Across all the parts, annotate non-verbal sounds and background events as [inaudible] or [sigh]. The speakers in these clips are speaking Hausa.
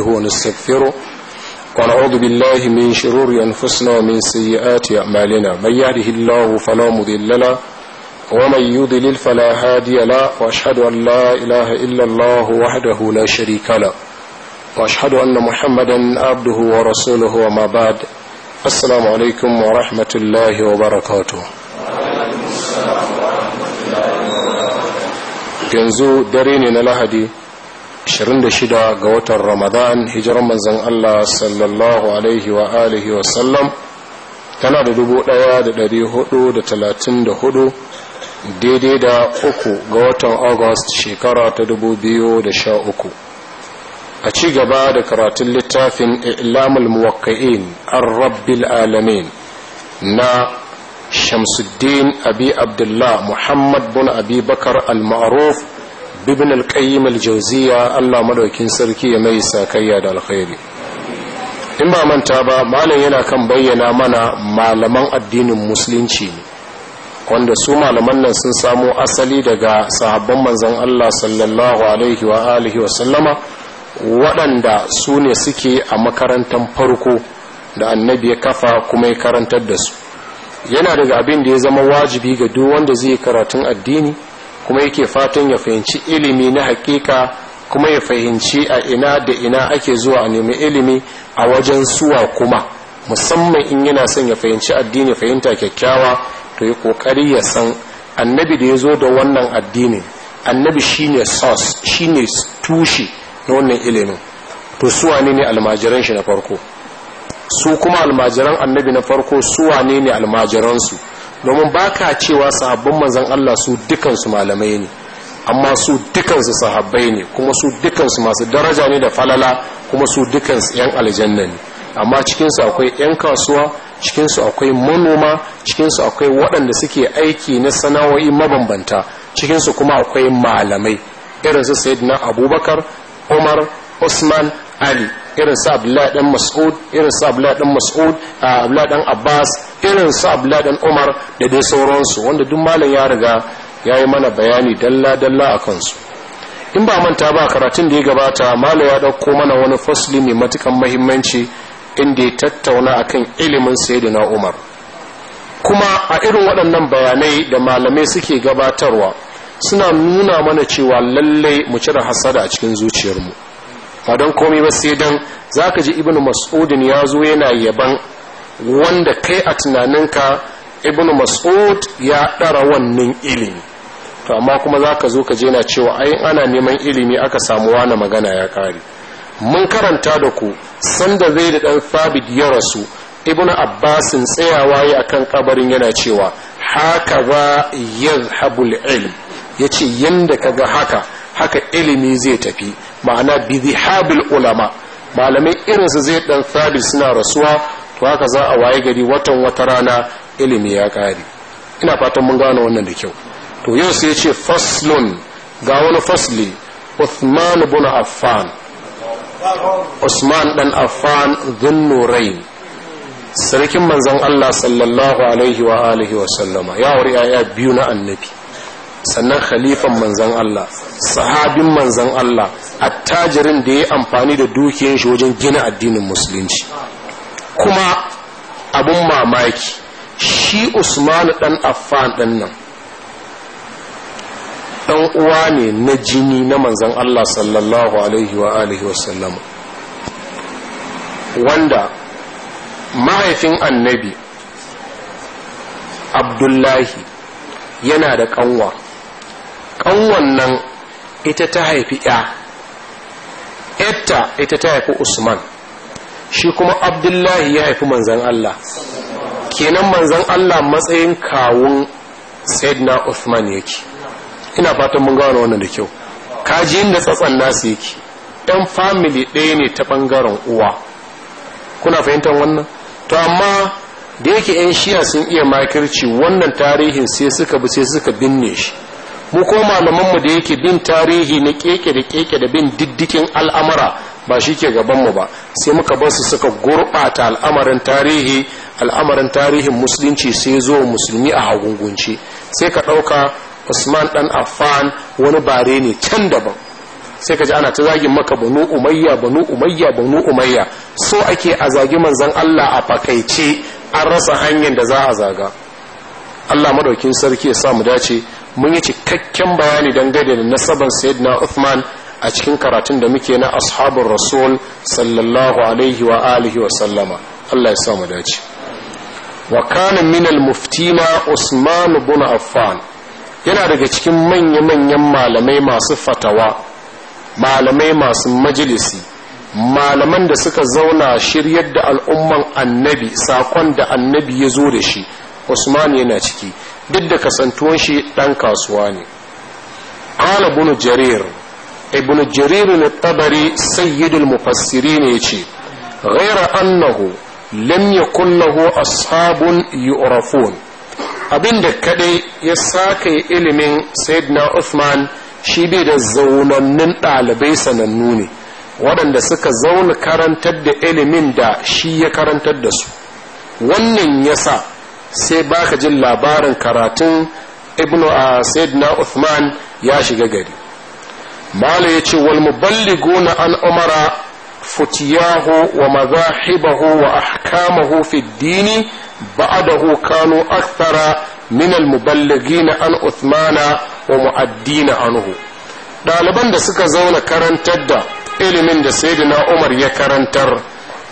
نحمده ونستغفره ونعوذ بالله من شرور أنفسنا ومن سيئات أعمالنا من يهده الله فلا مضل له ومن يضلل فلا هادي له وأشهد أن لا إله إلا الله وحده لا شريك له وأشهد أن محمدا عبده ورسوله وما بعد السلام عليكم ورحمة الله وبركاته yanzu dare ne na lahadi 26 ga watan ramadan hijiran manzan Allah sallallahu alaihi wa alihi wa sallam tana da 1434 daidai da uku ga watan august shekara ta 2013 a ci gaba da karatun littafin ilamul muwakka'in arrabbil alamin na shamsuddin abi abdullah muhammad bin abi bakar al-ma'ruf bibin alƙayyim aljauziya allah madaukin sarki ya mai sakayya da alkhairi in ba manta ba malam yana kan bayyana mana malaman addinin musulunci ne wanda su malaman nan sun samo asali daga sahabban manzon allah sallallahu alaihi wa alihi wa sallama waɗanda su ne suke a makarantar farko da annabi ya kafa kuma ya karantar da su yana daga abin da ya zama wajibi ga duk wanda zai karatun addini kuma yake fatan ya fahimci ilimi na hakika kuma ya fahimci a ina da ina ake zuwa a nemi ilimi a wajen suwa kuma musamman in yana son ya fahimci addini fahimta kyakkyawa to yi kokari ya san annabi da ya zo da wannan addini annabi shine source shine tushe na wannan ilimin to suwa ne ne almajiran shi na farko su kuma almajiran annabi na farko suwa ne ne almajiransu domin ba ka cewa sahabban manzan Allah su dukansu malamai ne amma su dukansu sahabbai ne kuma su dukansu masu daraja ne da falala kuma su dukansu 'yan aljanna ne amma cikinsu akwai 'yan kasuwa cikinsu akwai manoma cikinsu akwai waɗanda suke aiki na sana'o'i mabambanta cikinsu kuma akwai malamai irinsu sayyidina abubakar umar usman ali irin sa abdullahi dan mas'ud irin sa abdullahi dan mas'ud abdullahi dan abbas irin sa abdullahi dan umar da dai sauransu wanda duk malam ya riga ya yi mana bayani dalla dalla a kansu in ba manta ba karatun da ya gabata malam ya dauko mana wani fasli mai matukan muhimmanci inda ya tattauna akan ilimin sayyidina umar kuma a irin waɗannan bayanai da malamai suke gabatarwa suna nuna mana cewa lallai mu cire hasada a cikin zuciyarmu ba don komai ba sai dan zaka ji ibnu mas'udin ya zo yana yaban wanda kai a tunaninka ibnu mas'ud ya ɗara wannan ilimi to amma kuma zaka zo ka je na cewa ai ana neman ilimi aka samu wani magana ya kare mun karanta da ku sanda zai da dan sabid ya rasu ibnu abbasin tsayawa ya akan kabarin yana cewa haka ba yadhhabul ilm yace yanda kaga haka haka ilimi zai tafi ma'ana bizihabil ulama malamai irinsu zai dan sabit suna rasuwa to haka za a waye gari watan wata rana ilimi ya kare ina fatan mun gane wannan da kyau to yau sai ce faslun ga wani fasli Uthman ibn Affan Usman dan Affan dhunnurain sarkin manzon Allah sallallahu alaihi wa alihi wa sallama ya wuri ayya biyu na annabi sannan khalifan manzan Allah sahabin manzan Allah attajirin da ya amfani da dukiyar shi wajen gina addinin musulunci kuma abun mamaki shi usman dan affan dan nan dan uwa ne na jini na manzan Allah sallallahu alaihi wa alihi wa wanda mahaifin annabi abdullahi yana da kanwa an wannan ita ta haifi ya etta ita ta haifi usman shi kuma abdullahi ya haifi manzan allah kenan manzan allah matsayin kawun na usman yake ina fatan mun gano wannan da kyau kaji inda tsatsan nasu yake ɗan famili ɗaya ne ta ɓangaren uwa kuna fahimtar wannan to amma da yake 'yan shiya sun iya makirci wannan tarihin sai suka bi sai suka binne shi mu ko malamanmu da yake bin tarihi na keke da keke da bin diddikin al'amara ba shi ke mu ba sai muka bar su suka gurɓata al'amarin tarihi al'amarin tarihin musulunci sai zo musulmi a hagungunci sai ka ɗauka usman ɗan affan wani bare ne can daban sai ka ji ana ta zagin maka banu umayya banu umayya banu umayya so ake a zagi manzon allah a fakaice an rasa hanyar da za a zaga allah madaukin sarki ya sa mu dace mun yi cikakken bayani dangane da nasaban sayyidina Uthman a cikin karatun da muke na ashabun rasul sallallahu alaihi wa alihi wa sallama Allah ya sa mu dace wa kana min al muftina Usman ibn Affan yana daga cikin manya-manyan malamai masu fatawa malamai masu majalisi malaman da suka zauna shiryar da al'umman annabi sakon da annabi ya zo da shi Usman yana ciki duk da kasantuwan shi ɗan kasuwa ne ƙala bunu jarir ibnu jarir ne tabari sayyidul mufassiri ne ce ghaira annahu lam yakun lahu ashabun yu'rafun abinda kadai ya saka ilimin sayyidina Uthman shi bai da zaunannin ɗalibai sanannu ne waɗanda suka zauna karantar da ilimin da shi ya karantar da su wannan yasa sai baka jin labarin karatun ibnu a sayyidina uthman ya shiga gari malo ya ce wal muballiguna an umara futiyahu wa mazahibahu wa ahkamahu fi dini ba'adahu kanu akthara min al muballigina an uthmana wa mu'addina anhu ɗaliban da suka zauna karantar da ilimin da sayyidina umar ya karantar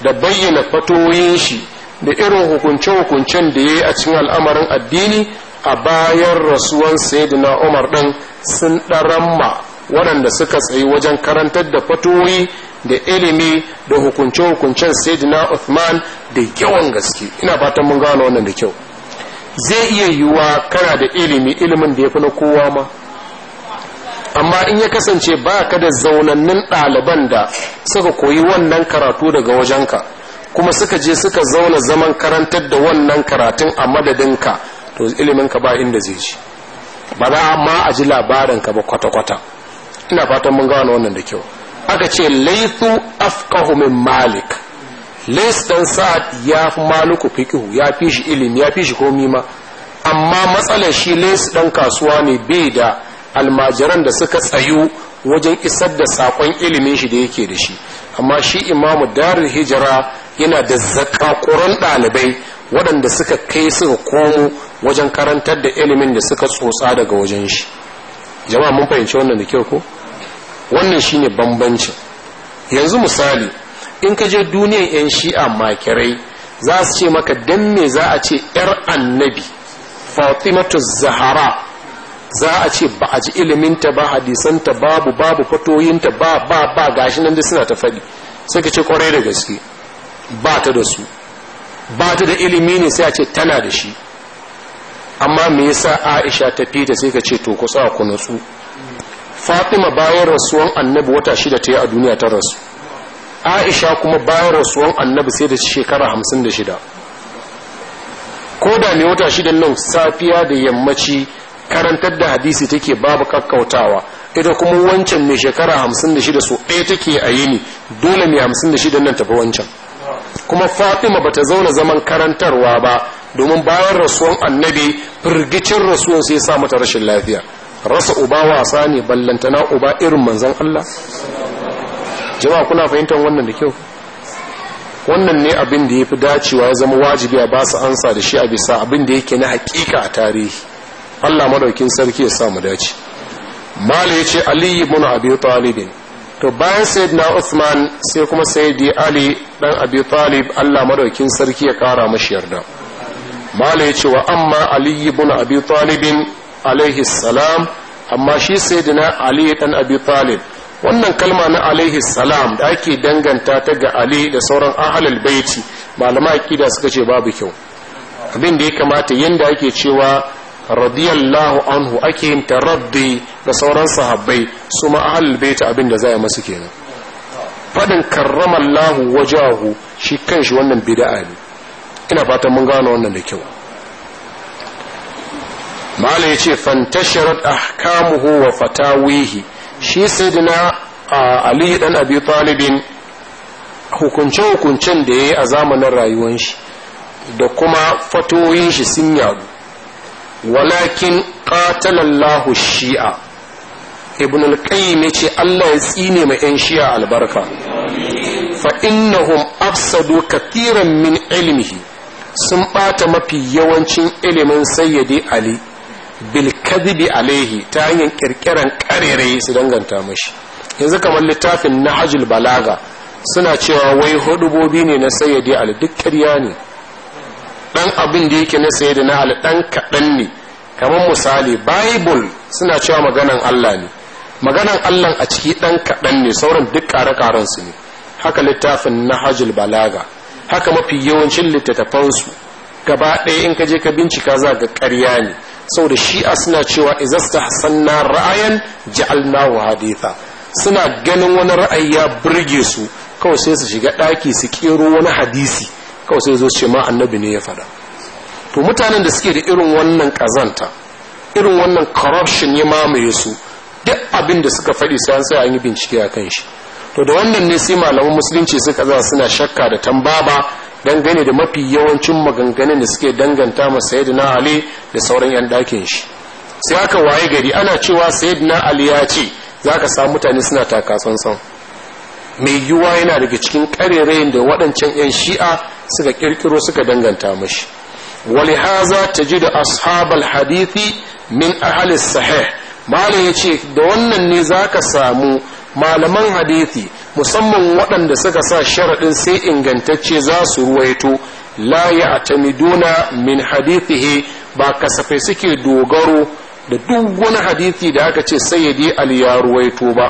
da bayyana fatoyin shi da irin hukunce-hukuncen da ya yi a cikin al'amarin addini a bayan rasuwan sayyidina umar ɗin sun ɗaramma waɗanda suka tsayi wajen karantar da fatoyi da ilimi da hukunce-hukuncen sayyidina uthman da yawan gaske ina fatan mun gano wannan da kyau zai iya yiwuwa kana da ilimi ilimin da ya fi na kowa ma amma in ya kasance ba ka da zaunannin ɗaliban da suka koyi wannan karatu daga wajenka kuma suka je suka zauna zaman karantar da wannan karatun a madadinka to iliminka ba inda zai ci ba za ma a ji labarinka ba kwata-kwata ina fatan mun gawa wannan da kyau aka ce laithu afqahu min malik lais dan sa'ad ya fi maliku fiqhu ya fi shi ilimi ya fi shi komi ma amma matsalar shi lais dan kasuwa ne bai da almajiran da suka tsayu wajen isar da sakon ilimin shi da yake da shi amma shi imamu darul hijira yana da zakakuran ɗalibai waɗanda suka kai suka komo wajen karantar da ilimin da suka tsotsa daga wajen shi jama'a mun fahimci wannan da kyau ko wannan shine bambancin yanzu misali in ka je duniyan 'yan shi'a makirai za su ce maka dan me za a ce 'yar annabi fatimatu zahara za a ce ba a ji iliminta ba hadisanta babu babu fatoyinta ba ba ba gashi nan da suna ta faɗi sai ka ce kwarai da gaske ba ta da su ba ta da ilimi ne sai a ce tana da shi amma me yasa aisha ta fita sai ka ce to ku sa ku nutsu fatima bayan rasuwan annabi wata shida ta yi a duniya ta rasu aisha kuma bayan rasuwan annabi sai da shekara hamsin da shida ko da me wata shida nan safiya da yammaci karantar da hadisi take babu kakkautawa ita kuma wancan mai shekara hamsin da shida so ɗaya take a yini dole mai hamsin da shidan nan tafi wancan kuma fatima bata zauna zaman karantarwa ba domin bayan rasuwan annabi firgicin rasuwan sai sa mata rashin lafiya rasa uba wasa ne ballantana uba irin manzan Allah jama'a kuna fahimtar wannan da kyau wannan ne abin da ya fi dacewa ya zama wajibi a ba su ansa da shi a bisa abin da yake na hakika a tarihi Allah madaukin sarki ya sa mu dace mala yace ali ibn abi talib to bayan sayyidina Usman sai kuma sayyidi Ali dan Abi Talib Allah madaukin sarki ya kara mashi yarda mala yace wa amma Ali ibn Abi Talib alaihi salam amma shi sayyidina Ali dan Abi Talib wannan kalma na alaihi salam da ake danganta ta ga Ali da sauran ahlul baiti malama akida suka ce babu kyau abin da ya kamata yanda ake cewa radiyallahu anhu ake yin taraddi da sauran sahabbai su ma ahal baita abin da zai masu kenan fadin karramallahu wajahu shi shi wannan bid'a ne ina fatan mun gano wannan da kyau malai yace fantasharat ahkamuhu wa fatawihi shi sayyidina ali dan abi talibin hukunce hukuncen da yayi a zamanin rayuwar shi da kuma fatoyin shi sun yadu walakin qatalallahu shi'a ibn al-qayyim yace Allah ya tsine ma yan shi'a albarka fa innahum afsadu katiran min ilmihi sun ɓata mafi yawancin ilimin Sayyadi ali bil kadhibi alaihi ta hanyar kirkiran karerai su danganta mashi yanzu kamar littafin nahjul balaga suna cewa wai hudubobi ne na Sayyadi ali duk ƙarya ne dan abin da yake na sayi da na hali dan kaɗan ne kamar misali bible suna cewa maganan allah ne maganan allah a ciki dan kaɗan ne sauran duk kare-karen su ne haka littafin na Hajil balaga haka mafi yawancin littattafansu gaba ɗaya in ka je ka bincika za ga ƙarya ne saboda shi'a suna cewa izasta na ra'ayan wa haditha suna ganin wani ra'ayi ya burge su kawai sai su shiga ɗaki su kero wani hadisi kawai sai zo ma annabi ne ya fada to mutanen da suke da irin wannan kazanta irin wannan corruption ya mamaye su duk abin da suka faɗi sai an sai an yi bincike a kan shi to da wannan ne sai malaman musulunci suka za suna shakka da tambaba dangane da mafi yawancin maganganun da suke danganta ma sayyidina ali da sauran yan dakin shi sai aka waye gari ana cewa sayyidina ali ya ce zaka samu mutane suna taka tsantsan mai yiwuwa yana daga cikin karerayin da waɗancan yan shi'a suka kirkiro suka danganta mashi ولهذا تجد أصحاب ashabal من min الصحيح malam ya ce da wannan ne za ka samu malaman hadithi musamman waɗanda suka sa sharaɗin sai ingantacce za su ruwaito la ya atamiduna min hadithihi ba kasafai suke dogaro da duk wani hadithi da aka ce sayyidi al ya ruwaito ba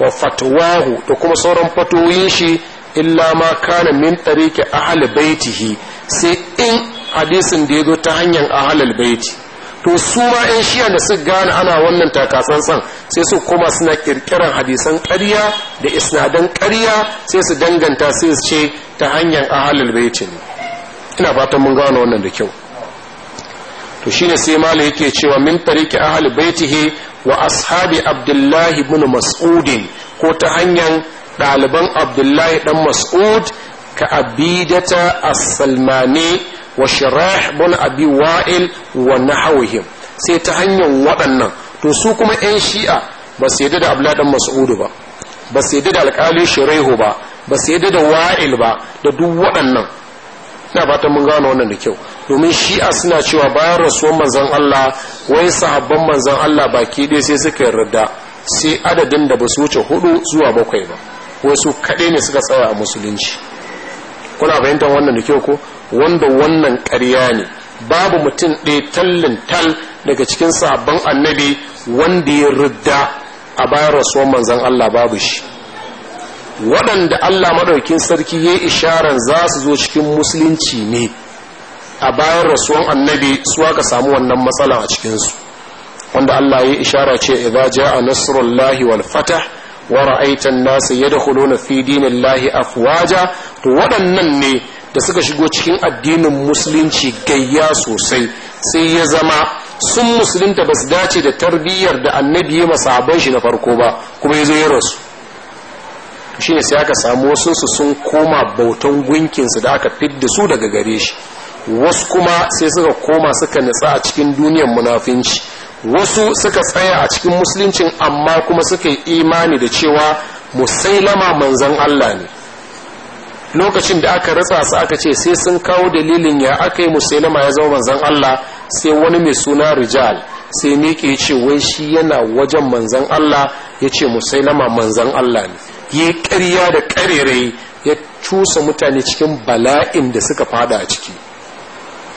wa fatwahu da kuma sauran fatoyin shi illa ma kana min tariki ahli baitihi sai in hadisin da yazo ta hanyar ahlul baiti to su ma in shiya da su gane ana wannan takatsantsan sai su koma suna kirkiran hadisan ƙarya da isnadan ƙarya sai su danganta sai su ce ta hanyar ahalul baiti ina fatan mun gane wannan da kyau to shine sai malai yake cewa min tariki ahalul baitihi wa ashabi abdullahi ibn mas'udin ko ta hanyar ɗaliban abdullahi ɗan mas'ud ka abidata as-salmani wa shirah bin abi wa'il wa nahawihim sai ta hanyar waɗannan to su kuma 'yan shi'a ba su yadda da abdullahi ɗan mas'ud ba ba su yadda da alƙali shiraihu ba ba su yadda da wa'il ba da duk waɗannan ina fatan mun gano wannan da kyau domin shi'a suna cewa bayan rasuwar manzan Allah wai sahabban manzan Allah baki ɗaya sai suka yarda sai adadin da ba su wuce hudu zuwa bakwai ba wasu kaɗai ne suka tsaya a musulunci kuna fahimtar wannan da kyau ko wanda wannan ƙarya ne babu mutum ɗaya tallin tal daga cikin sabon annabi wanda ya ridda a bayan rasuwan manzan Allah babu shi waɗanda Allah maɗaukin sarki ya yi isharar za su zo cikin musulunci ne a bayan rasuwan annabi su aka samu wannan matsala a cikinsu wanda Allah ya yi ishara ce idza jaa nasrullahi wal fatah wa ra'aitan nasu yadkhuluna fi dinillahi afwaja to waɗannan ne da suka shigo cikin addinin musulunci gayya sosai sai ya zama sun musulunta ba su dace da tarbiyyar da annabi ya masaban shi na farko ba kuma ya zo ya rasu shi ne sai aka samu wasu su sun koma bautan gunkinsu da aka fidda su daga gare shi wasu kuma sai suka koma suka nitsa a cikin duniyar munafinci wasu suka tsaya a cikin musuluncin amma kuma suka yi imani da cewa musailama manzan Allah ne lokacin da aka ratsa su aka ce sai sun kawo dalilin ya aka yi musailama ya zama manzan Allah sai wani mai suna rijal sai miƙe ce wai shi yana wajen manzan Allah ya ce musailama manzan Allah ne yi ƙarya da ƙarere ya cusa mutane cikin bala'in da suka fada a ciki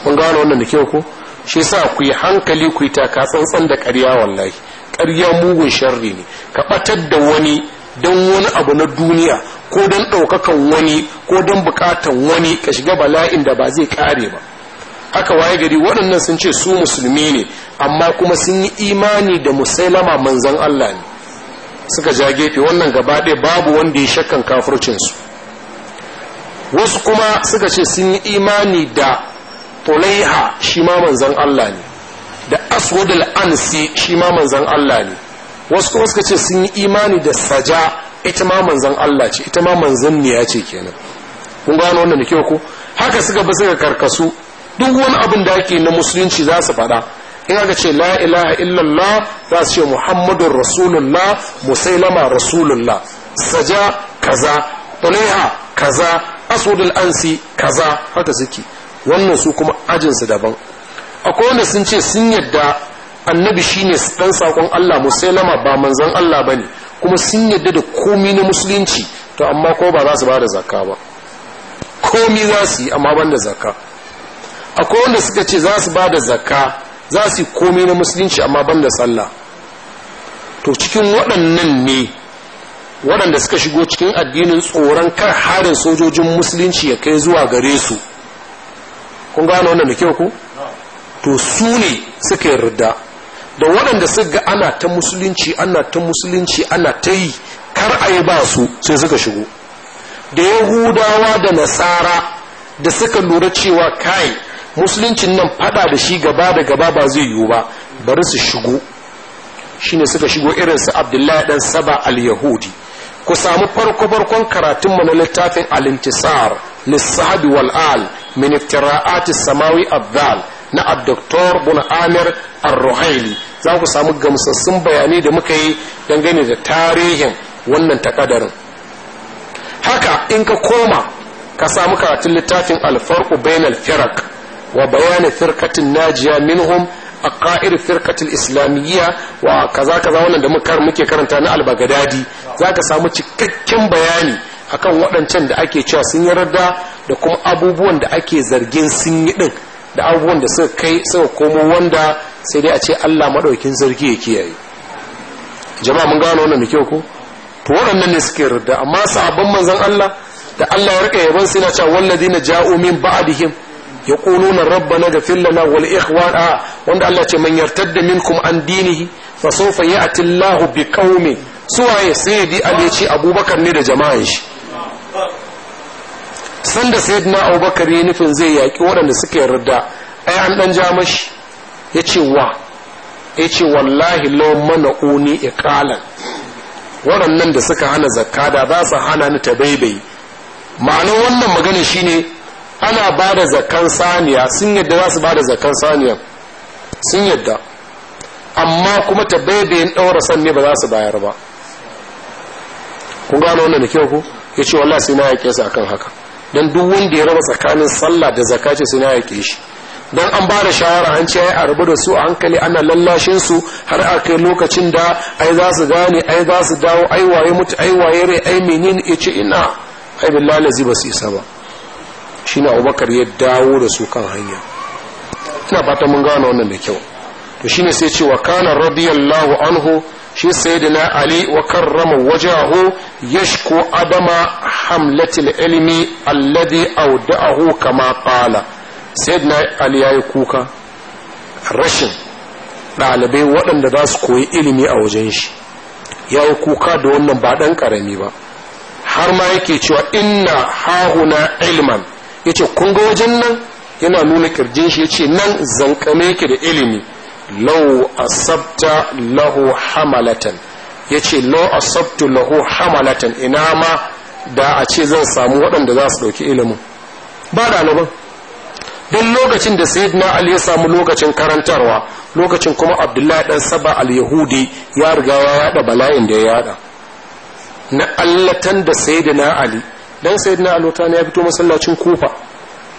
mun gane wannan da kyau ko shi sa ku yi hankali ku yi taka tsantsan da ƙarya wallahi ƙarya mugun sharri ne ka ɓatar da wani don wani abu na duniya ko don ɗaukakan wani ko don buƙatan wani ka shiga bala'in da ba zai ƙare ba haka waye gari waɗannan sun ce su musulmi ne amma kuma sun yi imani da musailama manzan Allah ne suka ja gefe wannan gaba ɗaya babu wanda ya shakkan kafircinsu wasu kuma suka ce sun yi imani da fulaiha shi ma manzan Allah ne da aswad ansi shi ma manzan Allah ne wasu kuma suka ce sun yi imani da saja ita ma manzan Allah ce ita ma manzan ne ya ce kenan kun gano wannan da kyau ko haka suka bi suka karkasu duk wani abin da yake na musulunci za su faɗa in aka ce la ilaha illallah za su ce muhammadur rasulullah musailama rasulullah saja kaza tulaiha kaza asudul ansi kaza haka suke wannan su kuma ajinsu daban akwai wanda sun ce sun yadda annabi shine dan sakon Allah musailama ba manzon Allah bane kuma sun yadda da komi na musulunci to amma ko ba za su bada zakka ba komi za su yi amma banda zakka akwai wanda suka ce za su bada zakka za su yi komi na musulunci amma banda sallah to cikin waɗannan ne waɗanda suka shigo cikin addinin tsoron kar harin sojojin musulunci ya kai zuwa gare su kun gano wannan da kyau ku to su ne suka yarda da waɗanda suka ga ana ta musulunci ana ta musulunci ana ta yi kar a yi ba su sai suka shigo da yahudawa da nasara da suka lura cewa kai musuluncin nan fada da shi gaba da gaba ba zai yiwu ba bari su shigo shi ne suka shigo irin su abdullahi dan saba al-yahudi ku samu farko farkon karatun mu na littafin al-intisar wal'al. من افتراءات السماوي na الدكتور بن عامر ar زاكو za ku samu gamsassun bayanai da muka yi dangane da tarihin wannan takadarin haka in ka koma ka samu karatun littafin alfarku bainal firak wa bayanin firkatin najiya minhum a ka'ir firkatin islamiyya wa kaza kaza wannan da muke karanta na albagadadi za ka samu cikakken bayani akan waɗancan da ake cewa sun yarda da kuma abubuwan da ake zargin sun yi din da abubuwan da suka kai suka komo wanda sai dai a ce Allah madaukin zargi ya kiyaye jama'a mun gano wannan da kyau ko to waɗannan ne suke rada amma sahabban manzon Allah da Allah ya rika yaban sai na cewa walladina ja'u min ba'dihim yaquluna rabbana ghfir lana wal ikhwana wanda Allah ce man yartadda minkum an dinihi fa sawfa ya'ti Allahu biqaumin suwaye sai di Ali ya ce Abubakar ne da jama'an shi sanda sayyidina abubakar ya nufin zai yaƙi waɗanda suka yarda ai an ɗan ja mashi ya ce wa ya ce wallahi law mana uni iqalan waɗannan da suka hana zakka da za su hana ni ta baibai ma'anar wannan magana shine ana ba da zakkan saniya sun yadda za su ba da zakkan saniya sun yadda amma kuma ta baibayin ɗaura san ne ba za su bayar ba kun gano wannan da kyau ku ya ce wallahi sai na yaƙe su akan haka don duk wanda ya raba tsakanin sallah da zakka suna yake shi don an ba da shawara an ce ai a rabu da su a hankali ana lallashin su har a kai lokacin da ai za su gane ai za su dawo ai waye mutu ai waye rai ai menene ya ce ina ai billahi lazi ba su isa ba na abubakar ya dawo da su kan hanya ina fata mun gane wannan da kyau to shine sai ce wa kana radiyallahu anhu shi sayyidina ali wa karrama wajahu yashku adama hamlatil ilmi alladhi awda'ahu kama qala sayyidina ali yayi kuka rashin ɗalibai waɗanda za su koyi ilimi a wajen shi ya yi kuka da wannan ba ɗan ƙarami ba har ma yake cewa inna hahuna ilman ya ce kun ga wajen nan yana nuna kirjin shi ya ce nan zankame yake da ilimi lau asabta lahu hamalatan ya ce lau asabtu lahu hamalatan ina ma da a ce zan samu waɗanda za su ɗauki ilimin ba ɗaliban don lokacin da sayyidina ali ya samu lokacin karantarwa lokacin kuma abdullahi dan saba al-yahudi ya riga ya yada bala'in da ya yada na allatan da sayyidina ali dan sayyidina ali ya fito masallacin kufa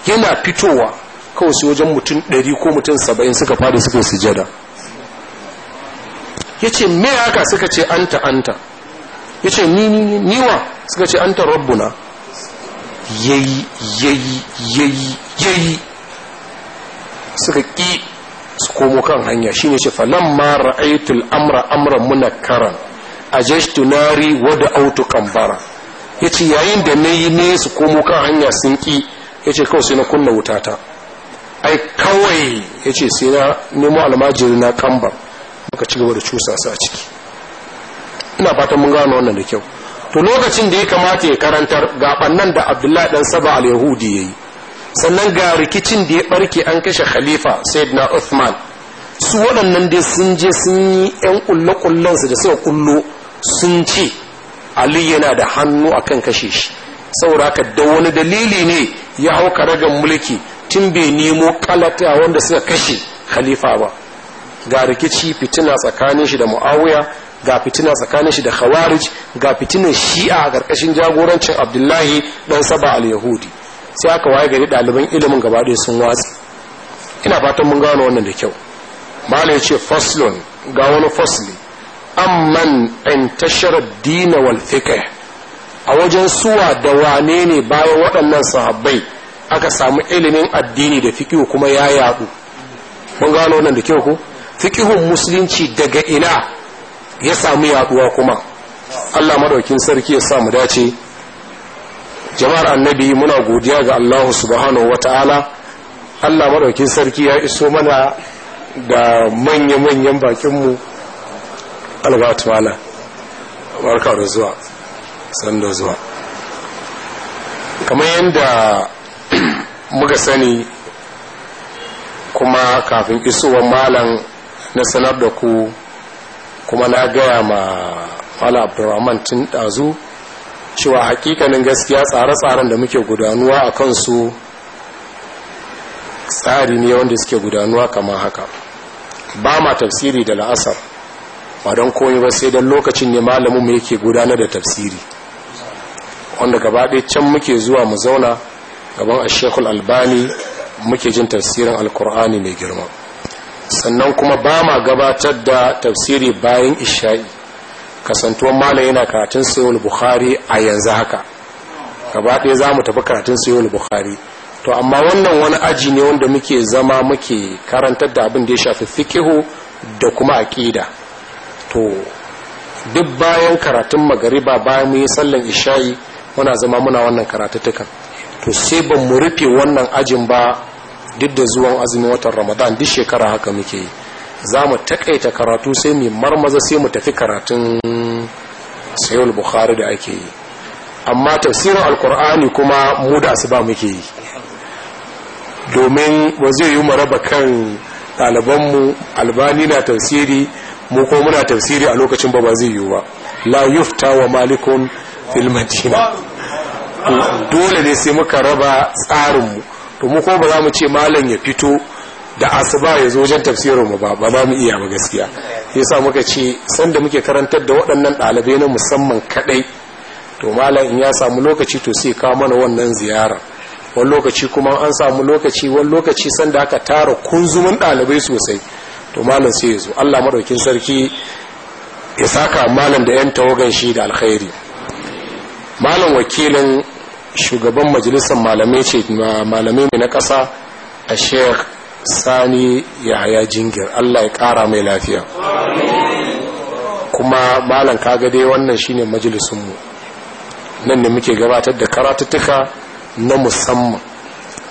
yana fitowa kawai su wajen mutum ɗari ko mutum saba'in suka fada suka sujada ya ce me haka suka ce anta anta ya ce niwa suka ce anta rabbuna yayi yayi yayi yayi suka ƙi su komo kan hanya shi ne ce falamma ra'aitul amra amra munakkaran ajashtu nari wadda auto kambara ya ce yayin da na yi ne su komo kan hanya sun ƙi ya ce kawai sai na kunna wutata ai kawai ya ce sai na nemo almajiri na kamba maka ci gaba da cusa su a ciki ina fatan mun gano wannan da kyau to lokacin da ya kamata ya karantar gaban nan da abdullahi dan saba al-yahudi yi sannan ga rikicin da ya barke an kashe khalifa sayyidina uthman su waɗannan dai sun je sun yi yan ƙulle kullen su da suka kullo sun ce ali yana da hannu akan kashe shi saboda haka da wani dalili ne ya hau karagan mulki tun bai nemo kalata wanda suka kashe khalifa ba ga rikici fitina tsakanin shi da mu'awiya ga fitina tsakanin shi da khawarij ga fitinan shi'a a karkashin jagorancin abdullahi dan saba al-yahudi sai aka waye gari ɗaliban ilimin gaba ɗaya sun watsi ina fatan mun gano wannan da kyau malam ya ce faslon ga wani fasli amman in tashar dina wal fiqh a wajen suwa da wane ne bayan waɗannan sahabbai aka samu ilimin addini da fikihu kuma ya yadu mun gano nan da kyau ko fikihun musulunci daga ina ya samu yaduwa kuma Allah madaukin sarki ya samu dace jama'ar annabi muna godiya ga Allah subhanahu ta'ala Allah maɗaukin sarki ya iso mana da manya-manyan bakinmu albatwala barka da zuwa sanda zuwa kamar yadda muka sani kuma kafin isowar malam na sanar da ku kuma na gaya ma malam abdurrahman tun ɗazu cewa hakikanin gaskiya tsare-tsaren da muke gudanuwa a kansu tsari ne wanda suke gudanuwa kamar haka ba ma tafsiri da la'asar ba don koyi ba sai don lokacin ne malamin mu yake gudanar da tafsiri wanda gaba ɗaya can muke zuwa mu zauna gaban ashekul albani muke jin tafsirin alkur'ani mai girma sannan kuma ba ma gabatar da tafsiri bayan isha'i kasantuwan malam yana karatun sayo bukhari a yanzu haka gaba ɗaya za mu tafi karatun sayo bukhari to amma wannan wani aji ne wanda muke zama muke karantar da abin da ya shafi fikihu da kuma aƙida to duk bayan karatun magariba bayan mu yi sallan isha'i muna zama muna wannan karatuttukan to sai ban mu rufe wannan ajin ba duk da zuwan azumin watan ramadan duk shekara haka muke yi za mu takaita karatu sai mu marmaza sai mu tafi karatun sayul bukhari da ake yi amma tafsirin alkur'ani kuma mu da su ba muke yi domin ba zai yi maraba kan ɗalibanmu albani na tafsiri mu ko muna tafsiri a lokacin ba ba zai yi ba la yufta wa malikun fil to dole ne sai muka raba tsarinmu to mu ko ba za mu ce malam ya fito da asuba ya zo wajen tafsirin mu ba ba mu iya ba gaskiya yasa muka ce sanda muke karantar da waɗannan ɗalibai na musamman kaɗai to malam in ya samu lokaci to sai kawo mana wannan ziyara wani lokaci kuma an samu lokaci wani lokaci sanda aka tara kunzumin ɗalibai sosai to malam sai ya zo allah maɗaukin sarki ya saka malam da 'yan tawagan shi da alkhairi malam wakilin shugaban majalisar malamai ce malamai mai na ƙasa a sheikh sani yahaya jingir allah ya kara mai lafiya kuma malam kaga dai wannan shine majalisunmu nan ne muke gabatar da karatuttuka na musamman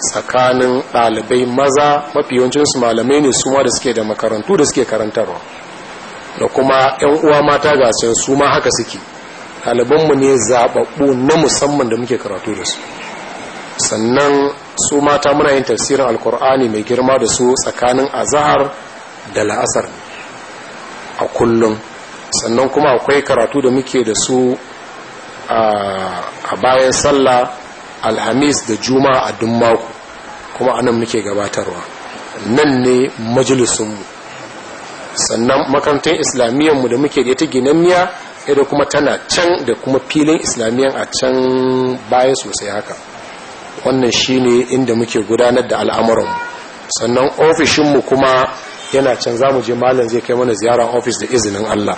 tsakanin ɗalibai maza mafi yawancinsu malamai ne su da suke da makarantu da suke karantarwa da kuma 'yan uwa mata ga su ma haka suke ɗalibanmu ne zaɓaɓɓu na musamman da muke karatu da su sannan su mata muna yin tafsirin alkur'ani mai girma da su tsakanin azahar da la'asar a kullum sannan kuma akwai karatu da muke da su a bayan sallah alhamis da juma a dummaku kuma anan muke gabatarwa nan ne majalisunmu sannan makarantar islamiyyarmu da muke da ta miya. ido kuma tana can da kuma filin islamiyan a can baya sosai haka wannan shine inda muke gudanar da al'amuran sannan ofishinmu kuma yana can za mu je malam zai kai mana ziyara ofis da izinin Allah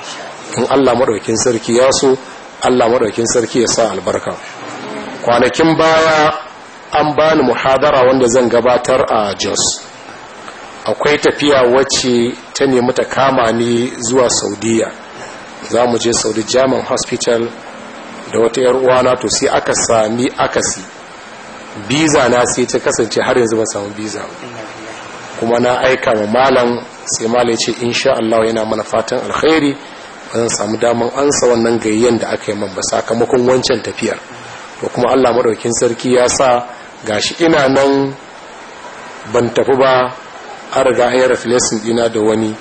in Allah maɗaukin sarki ya so Allah maɗaukin sarki ya sa albarka kwanakin baya an bani muhadara wanda zan gabatar a Jos akwai tafiya wacce ta nemi ta kama ni zuwa Saudiya za mu je saudi german hospital da wata yar na to sai aka sami akasi biza na sai ta kasance har yanzu ba samu biza kuma na aika ma malam sai malam ce insha Allah yana mana fatan alkhairi ba samu daman ansa wannan gayyen da aka yi man ba sakamakon wancan tafiyar to kuma Allah madaukin sarki ya sa gashi ina nan ban tafi ba an riga an yi dina da wani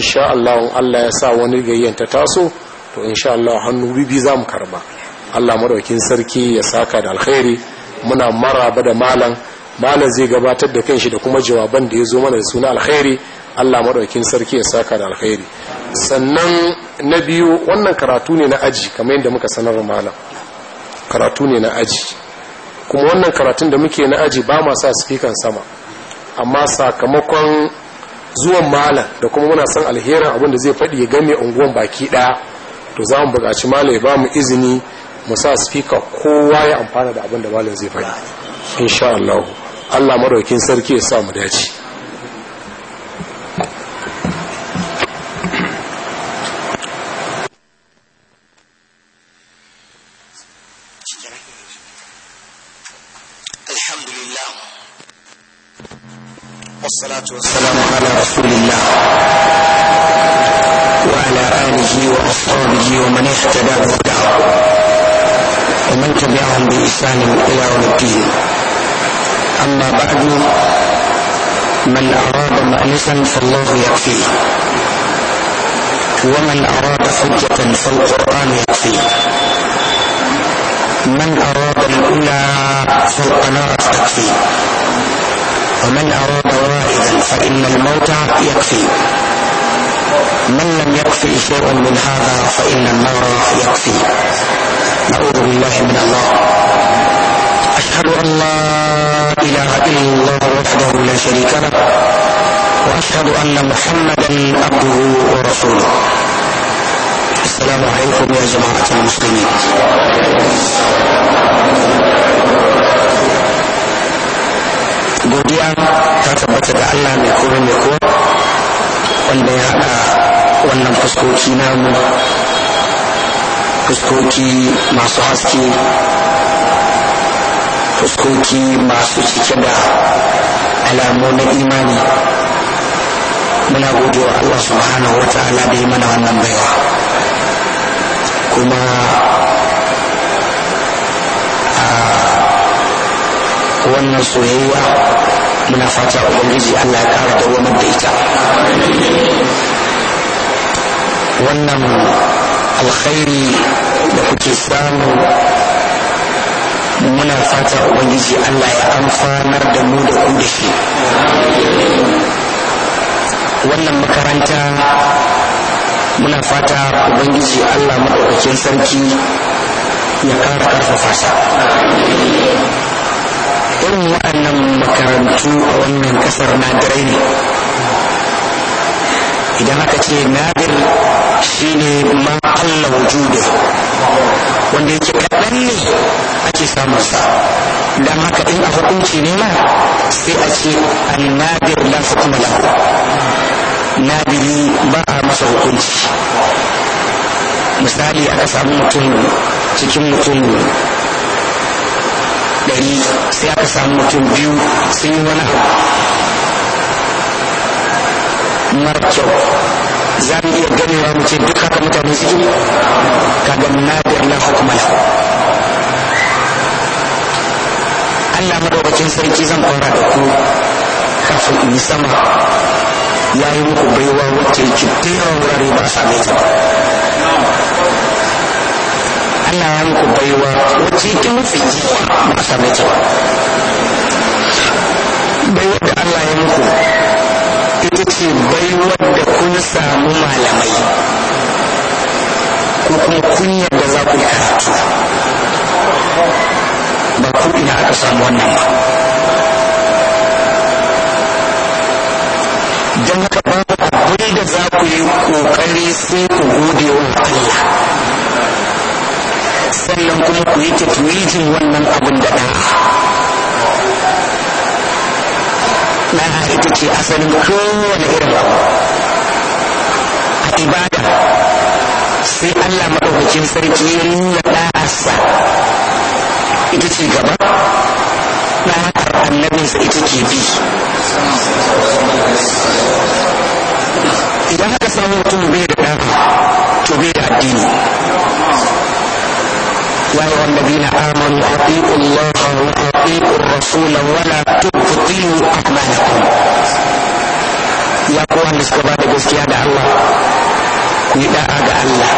sha Allah Allah ya sa wani gayyanta taso to sha Allah hannu bibi za mu karba Allah madaukin sarki ya saka da alkhairi muna maraba da malam malam zai gabatar da kanshi da kuma jawaban da ya zo mana da suna alkhairi Allah madaukin sarki ya saka da alkhairi sannan na biyu wannan karatu ne na aji kamar yadda muka sanar malam karatu ne na aji kuma wannan karatun da muke na aji ba ma sa speaker sama amma sakamakon zuwan malam da kuma muna son alherin abin da zai faɗi ya gane unguwan baki ɗaya to za mu buƙaci malam ya ba mu izini mu sa speaker kowa ya amfana da abin da malam zai faɗi insha Allah Allah madaukin sarki ya sa mu dace والصلاة والسلام على رسول الله وعلى آله وأصحابه ومن اهتدى بهداه ومن تبعهم بإحسان إلى يوم الدين أما بعد من أراد مأنسا فالله يكفيه ومن أراد حجة فالقرآن يكفيه من أراد الأولى فالقناعة تكفيه ومن أراد فإن الموت يكفي من لم يكفي شيء من هذا فإن النار يكفي نعوذ بالله من الله أشهد أن لا إله إلا الله وحده لا شريك له وأشهد أن محمدا عبده ورسوله السلام عليكم يا جماعة المسلمين godiya ta tabbata da Allah mai kore mai kowa wanda ya haɗa wannan fuskoki namu fuskoki masu haske fuskoki masu cike da alamu na imani muna wa Allah subhanahu wata ta'ala da yi mana wannan baiwa kuma a wannan soyayya muna fata ubangiji allah ya ƙara dawamar da ita wannan alkhairi da kuke samu muna fata ubangiji allah ya amfanar da mu da ku da shi wannan makaranta muna fata ubangiji allah maɗaukakin sarki ya ƙara ƙarfafa sa irin waɗannan makarantu a wannan kasar nadirai ne idan aka ce nadir shi ne man allah wujude wanda yake kaɗan ne ake samunsa don haka in a hukunci ne ma sai a ce annadir la hukuma lahu nadiri ba a masa hukunci misali aka samu mutum cikin mutum gari sai aka samu mutum biyu sun yi wani abu mara kyau za mu iya ganewa mu ce duk haka mutane suke kaga da la hukuma lahu Allah madaukakin sarki zan kwara da ku kafin in yi sama ya yi muku baiwa wacce yake da yawan wurare ba a same ta ana ya muku baiwa wacce ki mafi ba a mace ba baiwa da Allah ya muku ita ce baiwar da kun samu malamai ko kuma kunyar da za ku karatu ba ku ina aka samu wannan ba don haka babu abin da za ku yi kokari sai ku gode wa Allah sannan kuma ku yi tatwijin wannan abin da ɗan na ita ce asalin kowane irin abu a ibada sai allah maɗaukakin sarki ya nuna ɗa'arsa ita ce gaba ɗa'ar annabinsa ita ke bi idan aka samu mutum bai da ɗa'a to bai da addini أيها الذين آمنوا أطيعوا الله وأطيعوا الرسول ولا تبطلوا أعمالكم يقول قوان سكبا دغسكيا الله كوي داعا الله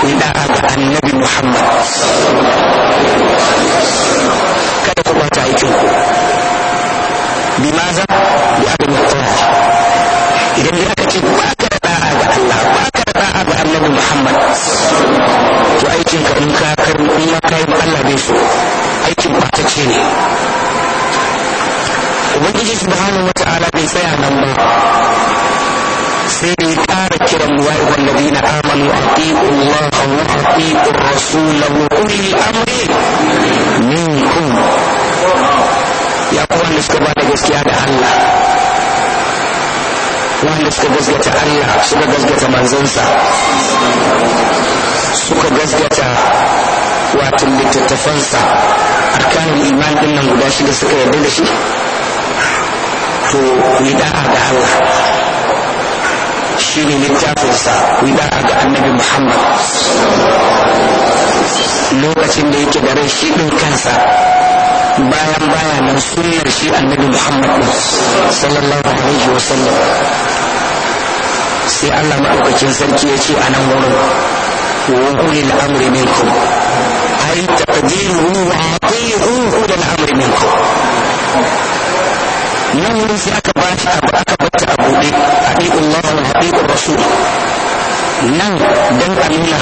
كوي داعا النبي محمد kada ku bata aikin ku bimaza bi abin mutuwa idan da aka ce ba ka da da'a ga Allah ba Allah bai so aikin ce ne ubangiji wata ala bai tsaya nan ba sai dai tara kiran mu wanda wallabi na amalu a Allah wa a rasula wa ulil amri minkum ya kuma wanda suka ba da gaskiya da Allah wanda suka gaskata Allah suka gaskata manzansa suka gaskata wato littattafansa arkanin iman din nan guda shida suka yarda da shi to ni da'a ga Allah shi ne littafinsa sa yi da'a ga annabi Muhammad lokacin da yake da rai shi ɗin kansa bayan baya nan sunnar shi annabi Muhammad sallallahu alaihi wa sallam sai Allah maɗaukakin sarki ya ce a nan wurin wa ulil amri minkum أي تقديره وأعطيه أولى الأمر منكم نور ذاك باش أكبت أبوه أطيع الله وأطيع الرسول nan don a nuna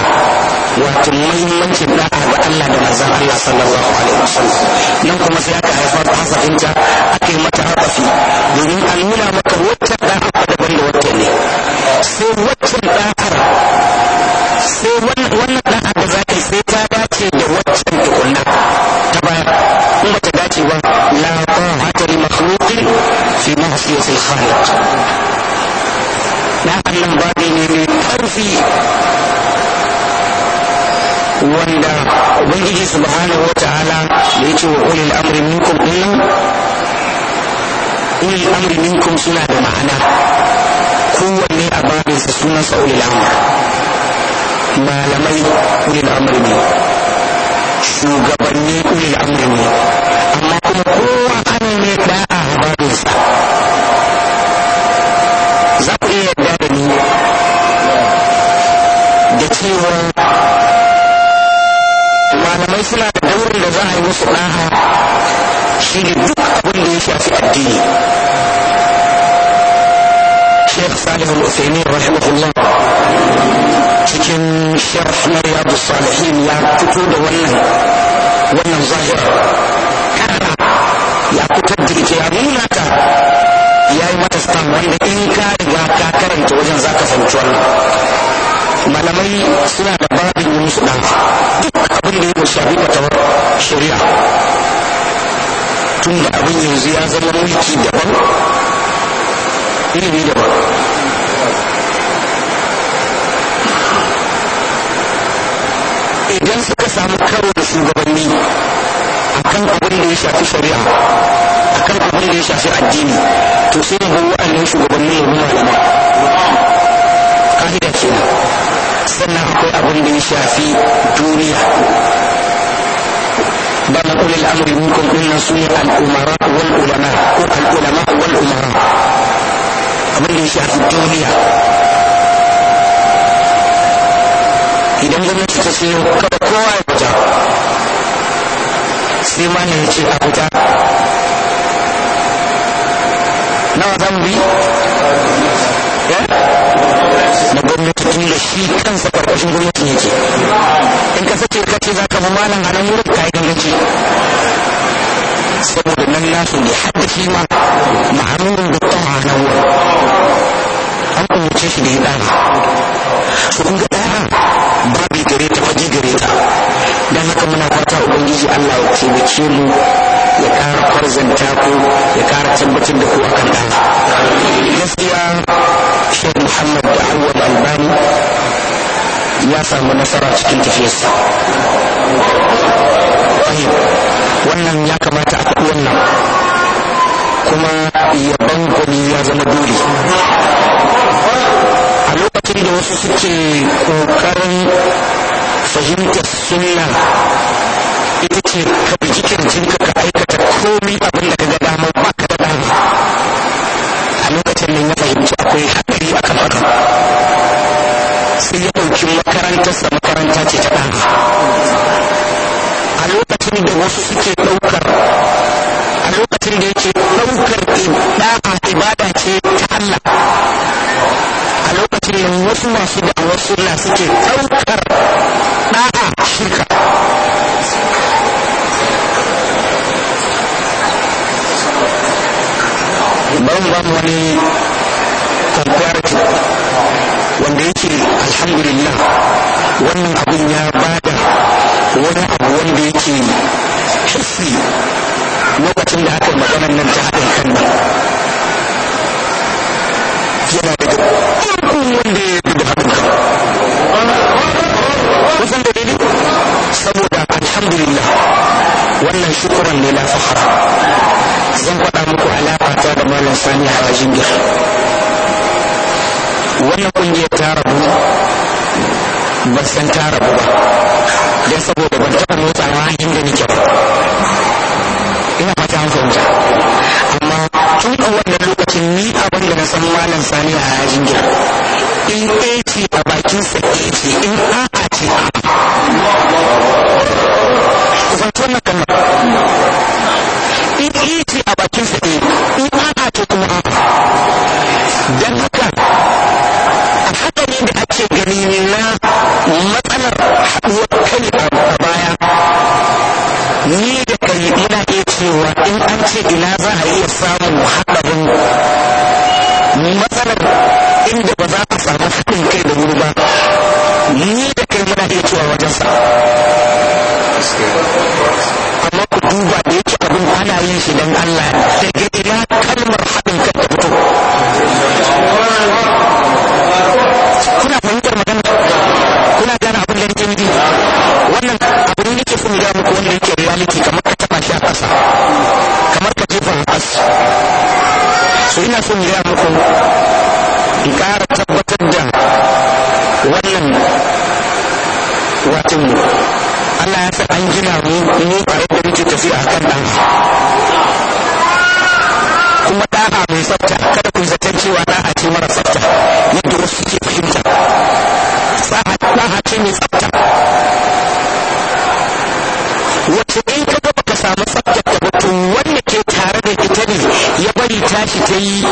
wato muhimmancin da'a ga Allah da manzon Allah sallallahu alaihi wasallam nan kuma sai aka haifar da ja. ulil malamai ulil amr ne amma kuma kowa salihin ya fito da wannan wannan zahira ya fitar da ita ya nuna ta ya yi mata stam wanda in ka riga ka karanta wajen za ka fahimci wannan malamai suna da babin yi musu ɗan duk abin da ya shafi fatawar shari'a tun da abin yanzu ya zama mulki daban ilimi daban suka samu karo da shugabanni a kan abin da ya shafi shari'a a kan abin da ya shafi addini to sai ne gungu a nan shugabanni ya nuna lama kahida ce sannan akwai abin da ya shafi duniya ba na kuli al'amari mukun dinnan su ne al'umara wal ulama ko al'ulama wal umara abin da ya shafi duniya idan zama gwamnati ta ce kada kowa ya fita sai ma ne ce a fita nawa zan bi ya eh? na gwamnati tun da shi kansa karkashin gwamnati ne ce in ka sace ka ce za ka bi nan a nan wurin ka yi ganganci saboda nan nasu ne haɗa shi ma ma'amurin da ta a nan wurin an umarce shi da ya ɗana su kun ga babi gare ta waje gare ta don haka muna fata ubangiji allah ya taimake mu ya kara kwarzanta ku ya kara tabbatar da ku a kan ɗan gaskiya shek muhammad da awwal albani ya samu nasara cikin tafiyarsa wannan ya kamata a wannan kuma yabon gwani ya zama dole da wasu suke kokarin fahimtar sunna ita ce ka biki jinka ka aikata komi abin da ka ga dama ba ka da dama a lokacin nan ya fahimci akwai hakari a kan haka sai ya ɗauki makarantarsa makaranta ce ta ɗan a lokacin da wasu suke ɗaukar a lokacin da yake ɗaukar ibada ce ta Allah wasu masu wasu na suke ɗaukar a shirka bari ba wani comparison wanda yake alhamdulillah wannan abin ya sani a jingir wannan kungiyar ta rabu ba san ta rabu ba don saboda ban taɓa motsawa ya sa an gina mu ni ba yi nake tafiya a kan ɗan kuma ɗana mai tsafta kada ku zaton cewa a ce mara tsafta yadda wasu suke fahimta a ce mai tsafta wace in ka gaba ka samu tsafta da mutum wanda ke tare da ita ne ya bari tashi ta yi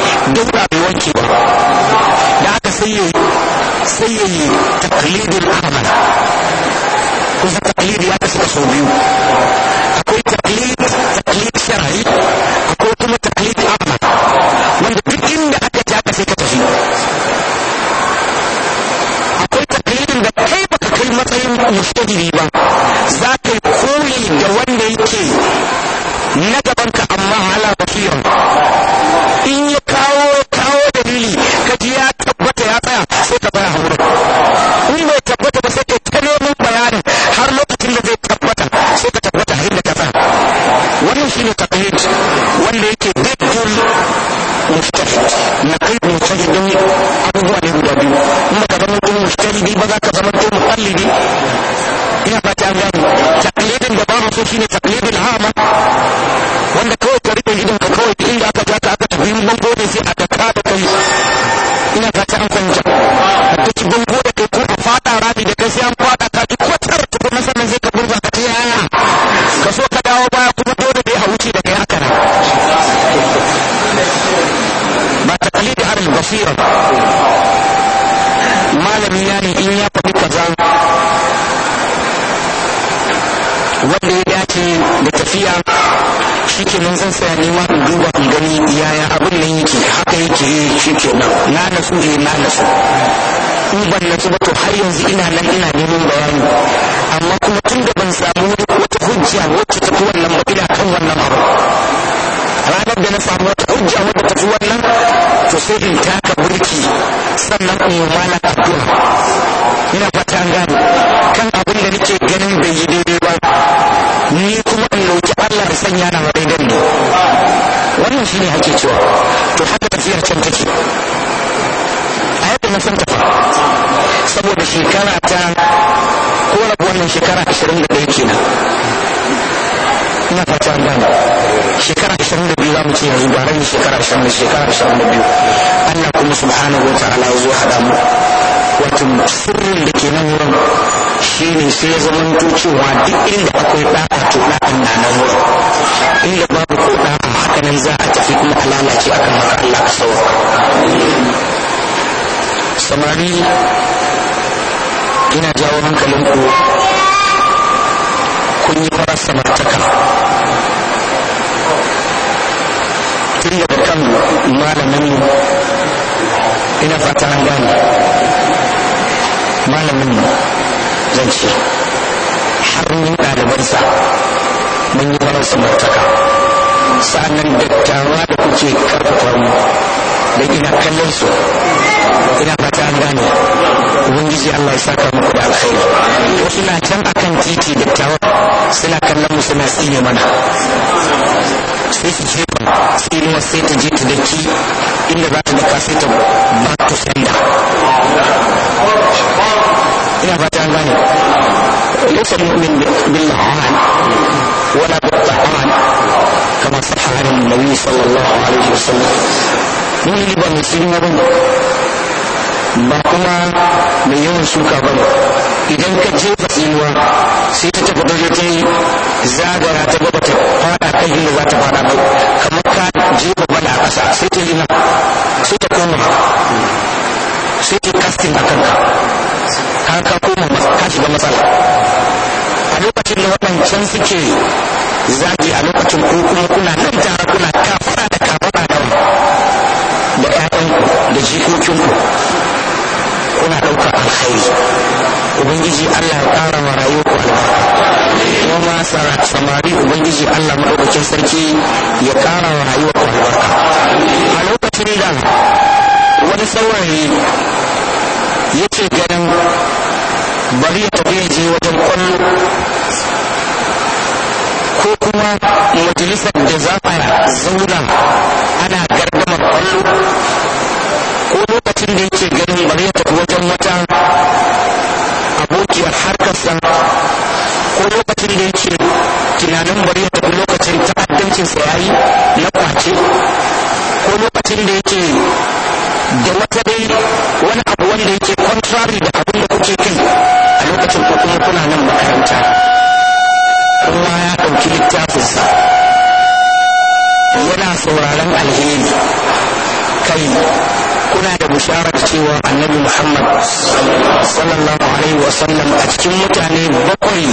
cewa duk inda akwai ɗa'a to ɗa'an na nan wurin inda babu ko ɗa'a haka nan za a tafi kuma a lalace akan haka Allah samari ina jawo hankalin ku kun yi farar samartaka tun daga kan malamin mu ina fata an gane malamin mu zan ce hannun ɗalibansa mun yi mana samartaka sa'annan dattawa da kuke karfafa mu da ina kallon su ina fata an gane ubangiji Allah ya saka muku da alkhairi ko suna can akan titi dattawa suna kallon mu suna tsine mana sai su je sai ruwa sai ta je ta daki inda za ta daka sai ta ba ta sanda ina fata an gane ليس المؤمن باللعان ولا بالطعان كما صح عن النبي صلى الله عليه وسلم ni ba musulmi ba ne ba kuma mai yawan shuka ba ne idan ka jefa tsinuwa sai ta tafi daje ta yi zagara ta gaba ta fada kan inda za ta fada ba kamar ka jefa a ƙasa sai ta yi na sai ta koma sai kastin a kanka ka ka koma ka shiga matsala a lokacin da waɗancan suke zagi a lokacin ko kuma kuna nan tare kuna kafara da kafara da da ƴaƴanku da jikokinku kuna ɗaukar alkhairi ubangiji allah ya ƙara wa rayuwarku albarka kuma samari ubangiji allah maɗaukakin sarki ya ƙara wa rayuwarku albarka a lokacin da wani saurayi yake ganin bari ya tafi je wajen kwallo ko kuma majalisar da za a zauna ana gargama kwallo ko lokacin da yake ganin bari ya tafi wajen wata abokiyar harkarsa ko lokacin da yake tunanin bari ya tafi lokacin ta'addancinsa sayayi na kwace ko lokacin da yake da wata dai wani abu wanda yake contrary da abin da kuke kai a lokacin ko kuma kuna nan makaranta kuma ya ɗauki littafinsa yana sauraron alheri kai kuna da bisharar cewa annabi muhammad sallallahu alaihi wasallam a cikin mutane bakwai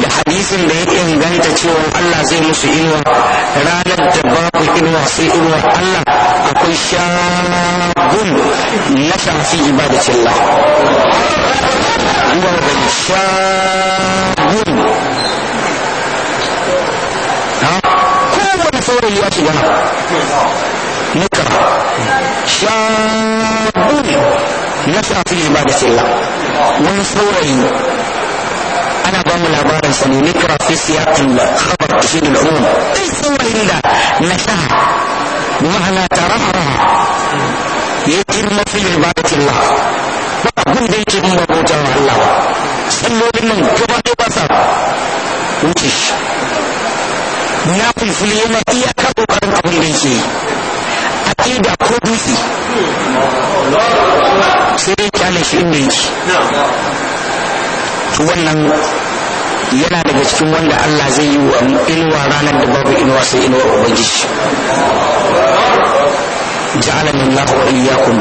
da hadisin da ya inganta cewa Allah zai musu inuwa ranar da babu inuwa sai inuwar Allah akwai shagun na shafi ibadatillah duba da shagun kowane saurayi ya shiga muka shagun na shafi ibadatillah wani saurayi ana ba mu labarin sa ne mikra fi siyaqin khabar tashid al-umum dai saurayin da nashaha ma'ana tarahara ya girma fi ibadatillah ba kun da yake nuna bauta wa Allah ba sallolin nan gaba ɗaya ba sa wuce shi na fulfuli yana iya iyaka kokarin abin da yake yi aƙida ko dusi sai ya kyale shi inda yake wannan yana daga cikin wanda Allah zai yi wa inuwa ranar da babu inuwa sai inuwa ubangiji جعلني الله وإياكم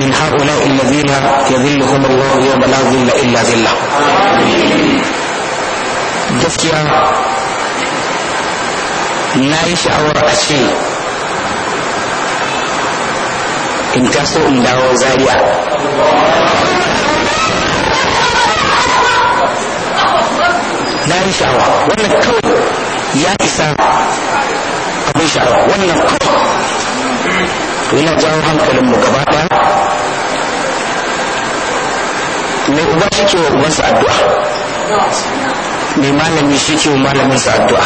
من هؤلاء الذين يذلهم الله يوم لا ذل illa ذله gaskiya na yi sha'awar a ce in taso in dawo zaria na sha'awa wannan kawai ya isa abin sha'awa wannan kawai to yana jawo mu gaba ɗaya mai uba shi ke wa ubansa addu'a mai malami shi ke wa malaminsa addu'a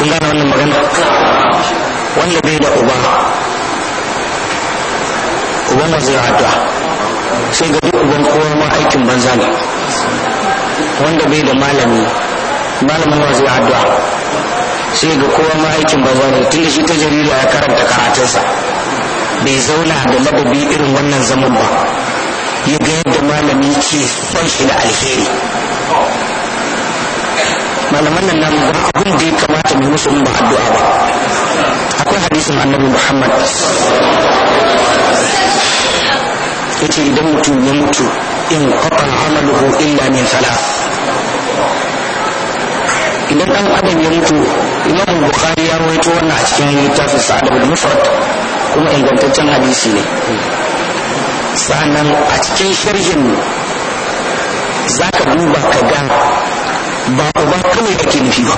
kun gane wannan magana wanda bai da uba uban ba zai addu'a sai ga duk uban kowa ma aikin banza ne wanda bai da malami malamin wa addu'a sai ga kowa ma aikin banza tun da shi ta jarida ya karanta karatunsa bai zauna da ladabi irin wannan zaman ba ya ga yadda malami ke son shi da alheri malaman nan namu ba abin da ya kamata mai musu ba addu'a ba akwai hadisin annabi muhammad yace idan mutum ya mutu انقطع عمله illa من sala idan ɗan adam ya mutu imam bukhari ya rawaito wannan a cikin littafin sa'ad bin mufrad kuma ingantaccen hadisi ne sa'annan a cikin sharhin zaka duba ka ga ba uba kawai ake nufi ba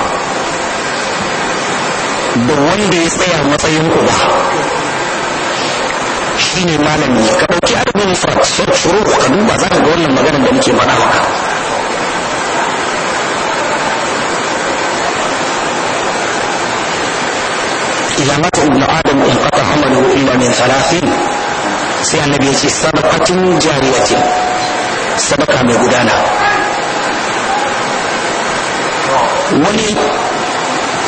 da wanda ya tsaya matsayin ku ba. shine malami ka dauki adabi mufrad shuru ka duba za ka ga wannan maganar da nake faɗa maka إذا مات ابن in انقطع عمله إلا من ثلاثين sai annabi ya ce sadaqatin jariyatin sabaka mai gudana wani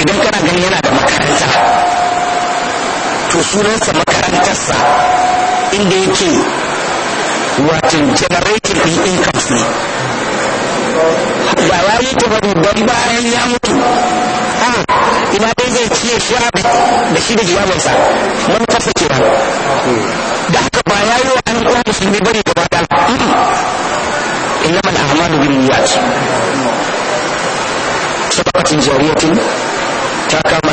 idan kana gani yana da makaranta wato sunansa makarantarsa inda yake wato generating ɗin incomes ne ba wa yi ta ne don bayan ya mutu a ina dai zai ciye shi da shi da jiyabinsa manufarsa ce cewa da haka ba ya yi wa an kuma musulmi bari gaba da إنما الأعمال بالنيات صدقة جارية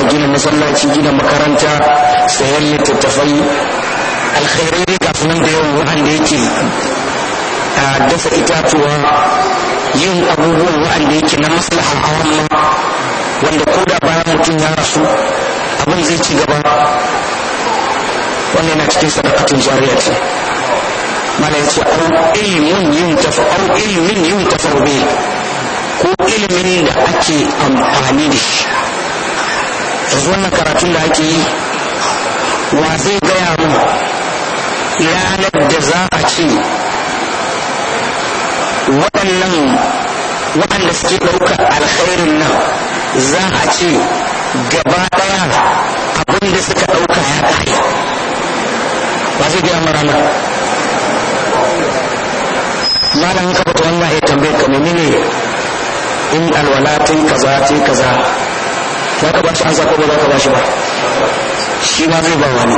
gina masallaci gina makaranta sayan littattafai alkhairai ga sunan da yawan wa'anda yake a dafa itatuwa yin abubuwan wa'anda yake na maslaha a wannan wanda ko da bayan mutum ya rasu abin zai ci gaba wannan yana cikin sadakatun jariya ce mana yace ko ilimin yin tafa ko ilimin yin tafa ko ilimin da ake amfani da shi zuwa karatu karatun da ake yi wa zai gaya mu ranar da za a ce waɗannan waɗanda suke ɗaukar alkhairin nan za a ce gaba ɗaya abin da suka ɗauka ya ɗaya ba zai gaya mu ranar malam ka fata wannan ya tambaye ka menene in alwalatin kaza ce kaza za ka ba shi ansa ko ba za ka ba shi ba shi ma zai ba wani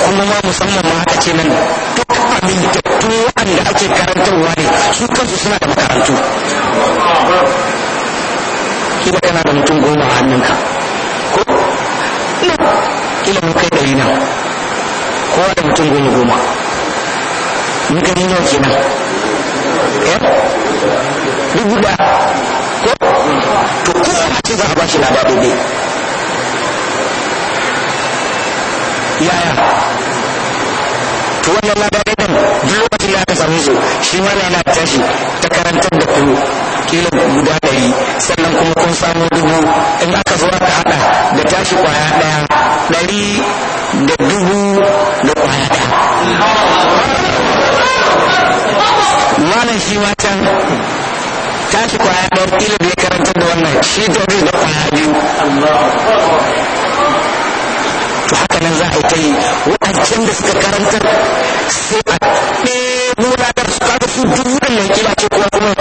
kuma ma musamman ma haka ce nan duk amintattu wanda ake karantarwa ne su kansu suna da makarantu kila kana da mutum goma a hannunka ko na kila mun kai ɗari nan ko da mutum goma goma mun kai nawa kenan eh dubu da za a bashi na babu labarobe yaya to wannan labarai din duk lokacin da aka same su shi ma na yana tashi ta karantar da ku kila guda ɗari sannan kuma kun samu dubu in aka zo aka haɗa da tashi kwaya ɗaya ɗari da dubu da kwaya ɗaya malam shi ma can tashi kwaya ɗaya kila bai karanta da wannan shi ta zai da kwaya biyu to haka nan za a yi ta yi waɗancan da suka karantar sai a nuna da su kaga su duk wannan kila ce kuma kuma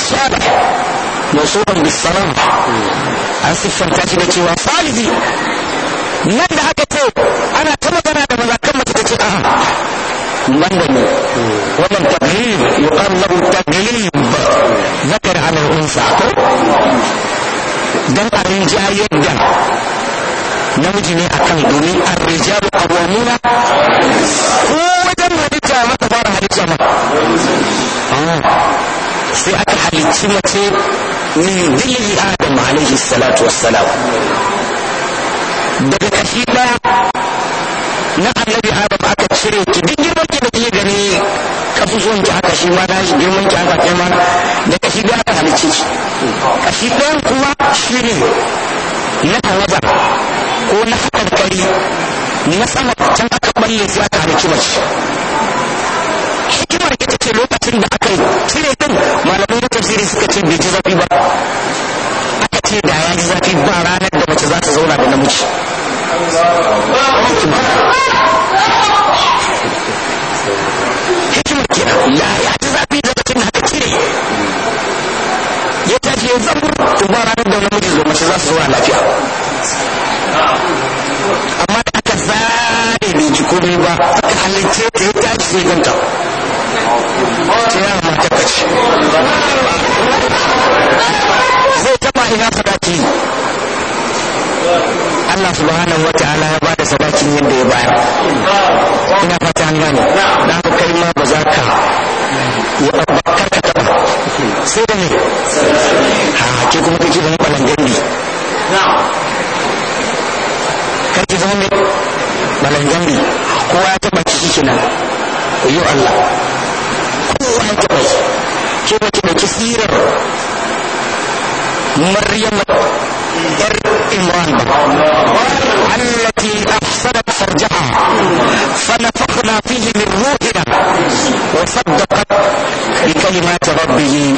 الصالح موصوفا بالصلاة an siffanta shi da cewa salihi nan da haka ko ana ta magana da mazakan mace ta ce a nan da ne wannan tagrib yuqal lahu tagrib zakar ala unsa ko dan a rinja yadda namiji ne akan domin a halicci mace min dilli adam alaihi salatu wassalam daga kashi daya na annabi adam aka cire ki din girman ki da ke gani kafufuwan ki haka shi ma na shi girman ki haka kai ma da kashi ɗaya aka halicce ki kashi ɗayan kuma shi ne na tawaba ko na hakarkari na sama can aka balle sai aka halicci mace hikimar ita ce lokacin da aka cire din malamai na tafsiri suka ce bai ci zafi ba aka ce da ya ji zafi ba ranar da mace za ta zauna da namiji فيه من روحنا وصدقت بكلمات ربه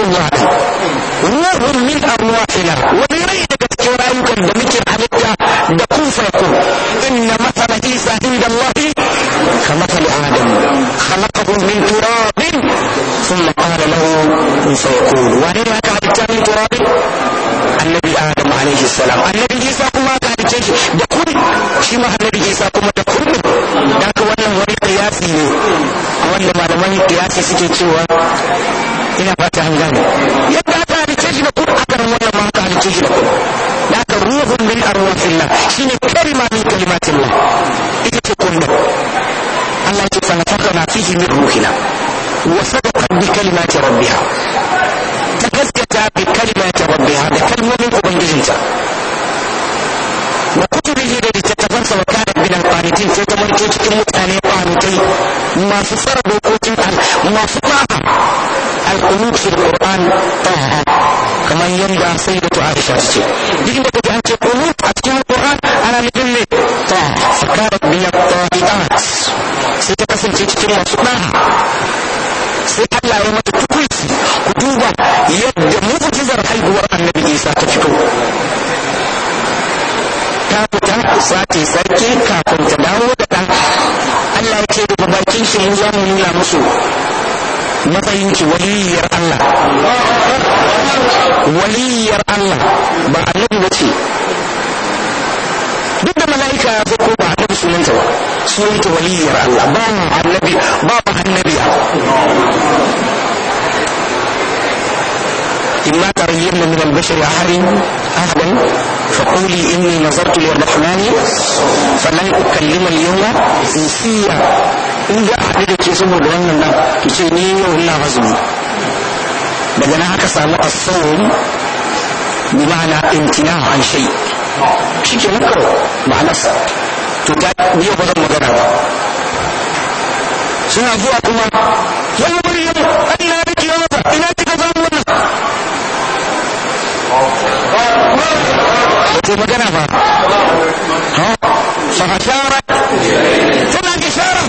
الله aisha su ce duk da kaji an ce kunut a cikin qur'an ana nufin ne ta sakarat min at sai ta kasance cikin masu da'a sai Allah ya mata tukuici ku duba yadda mu'jizar haihuwar annabi Isa ta fito ta fita sace sarki kafin ta dawo da ɗan Allah ya ce daga bakin shi mu za mu nuna musu matsayin ki wani بكر وعاد اهلا فقولي اني نظرت للرحمن فلن اكلم اليوم انسيا ان جاء حديثك يسمى بان الله تشيني ولا غزو بدنا عكس على الصوم بمعنى امتناع عن شيء شيء كنكر مع نفسك تتعب بيه بدل مجرد سنعفوها كما يوم wace magana ba fa ashara tana ishara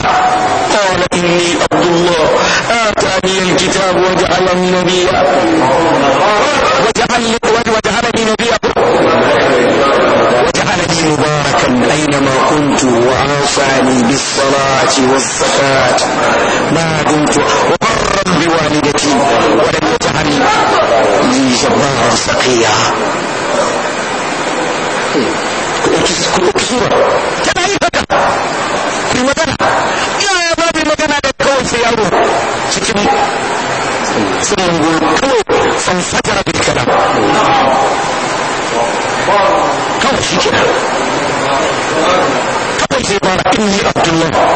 qala inni abdullah atani alkitab wa ja'alani nabiyya wa ja'alni wa ja'alani nabiyya وجعلني مباركا أينما كنت وأوصاني بالصلاة والزكاة ما دمت وبرا بوالدتي ولم يجعلني لي جبارا سقيا ku ɗauki ku ɗauki sura tana yi haka ku yi magana iyaye ba magana da kawai sai yaro cikin sun gobe kawai san fajar bil kawai shi kenan kawai sai bara inni abdullahi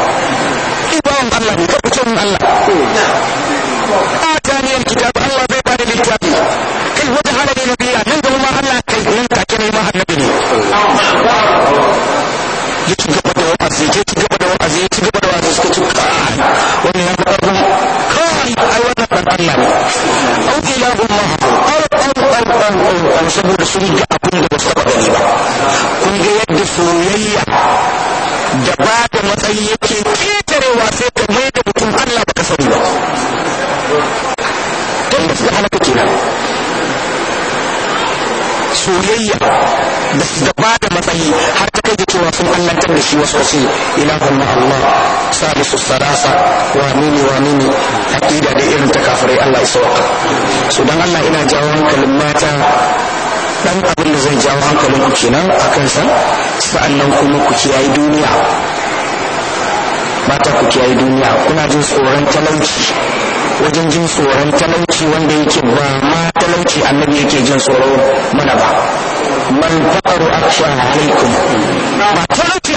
nasosi ilahun na Allah su sarasa wa nini wa nini aƙida da irin ta kafare Allah isa waka so don Allah ina jawo hankalin mata dan abin da zai jawo hankalin ku kenan a kansa sa'annan kuma ku kiyaye duniya mata ku kiyaye duniya kuna jin tsoron talauci wajen jin tsoron talauci wanda yake ba ma talauci annabi yake jin tsoro mana ba man faqaru a alaikum ba talauci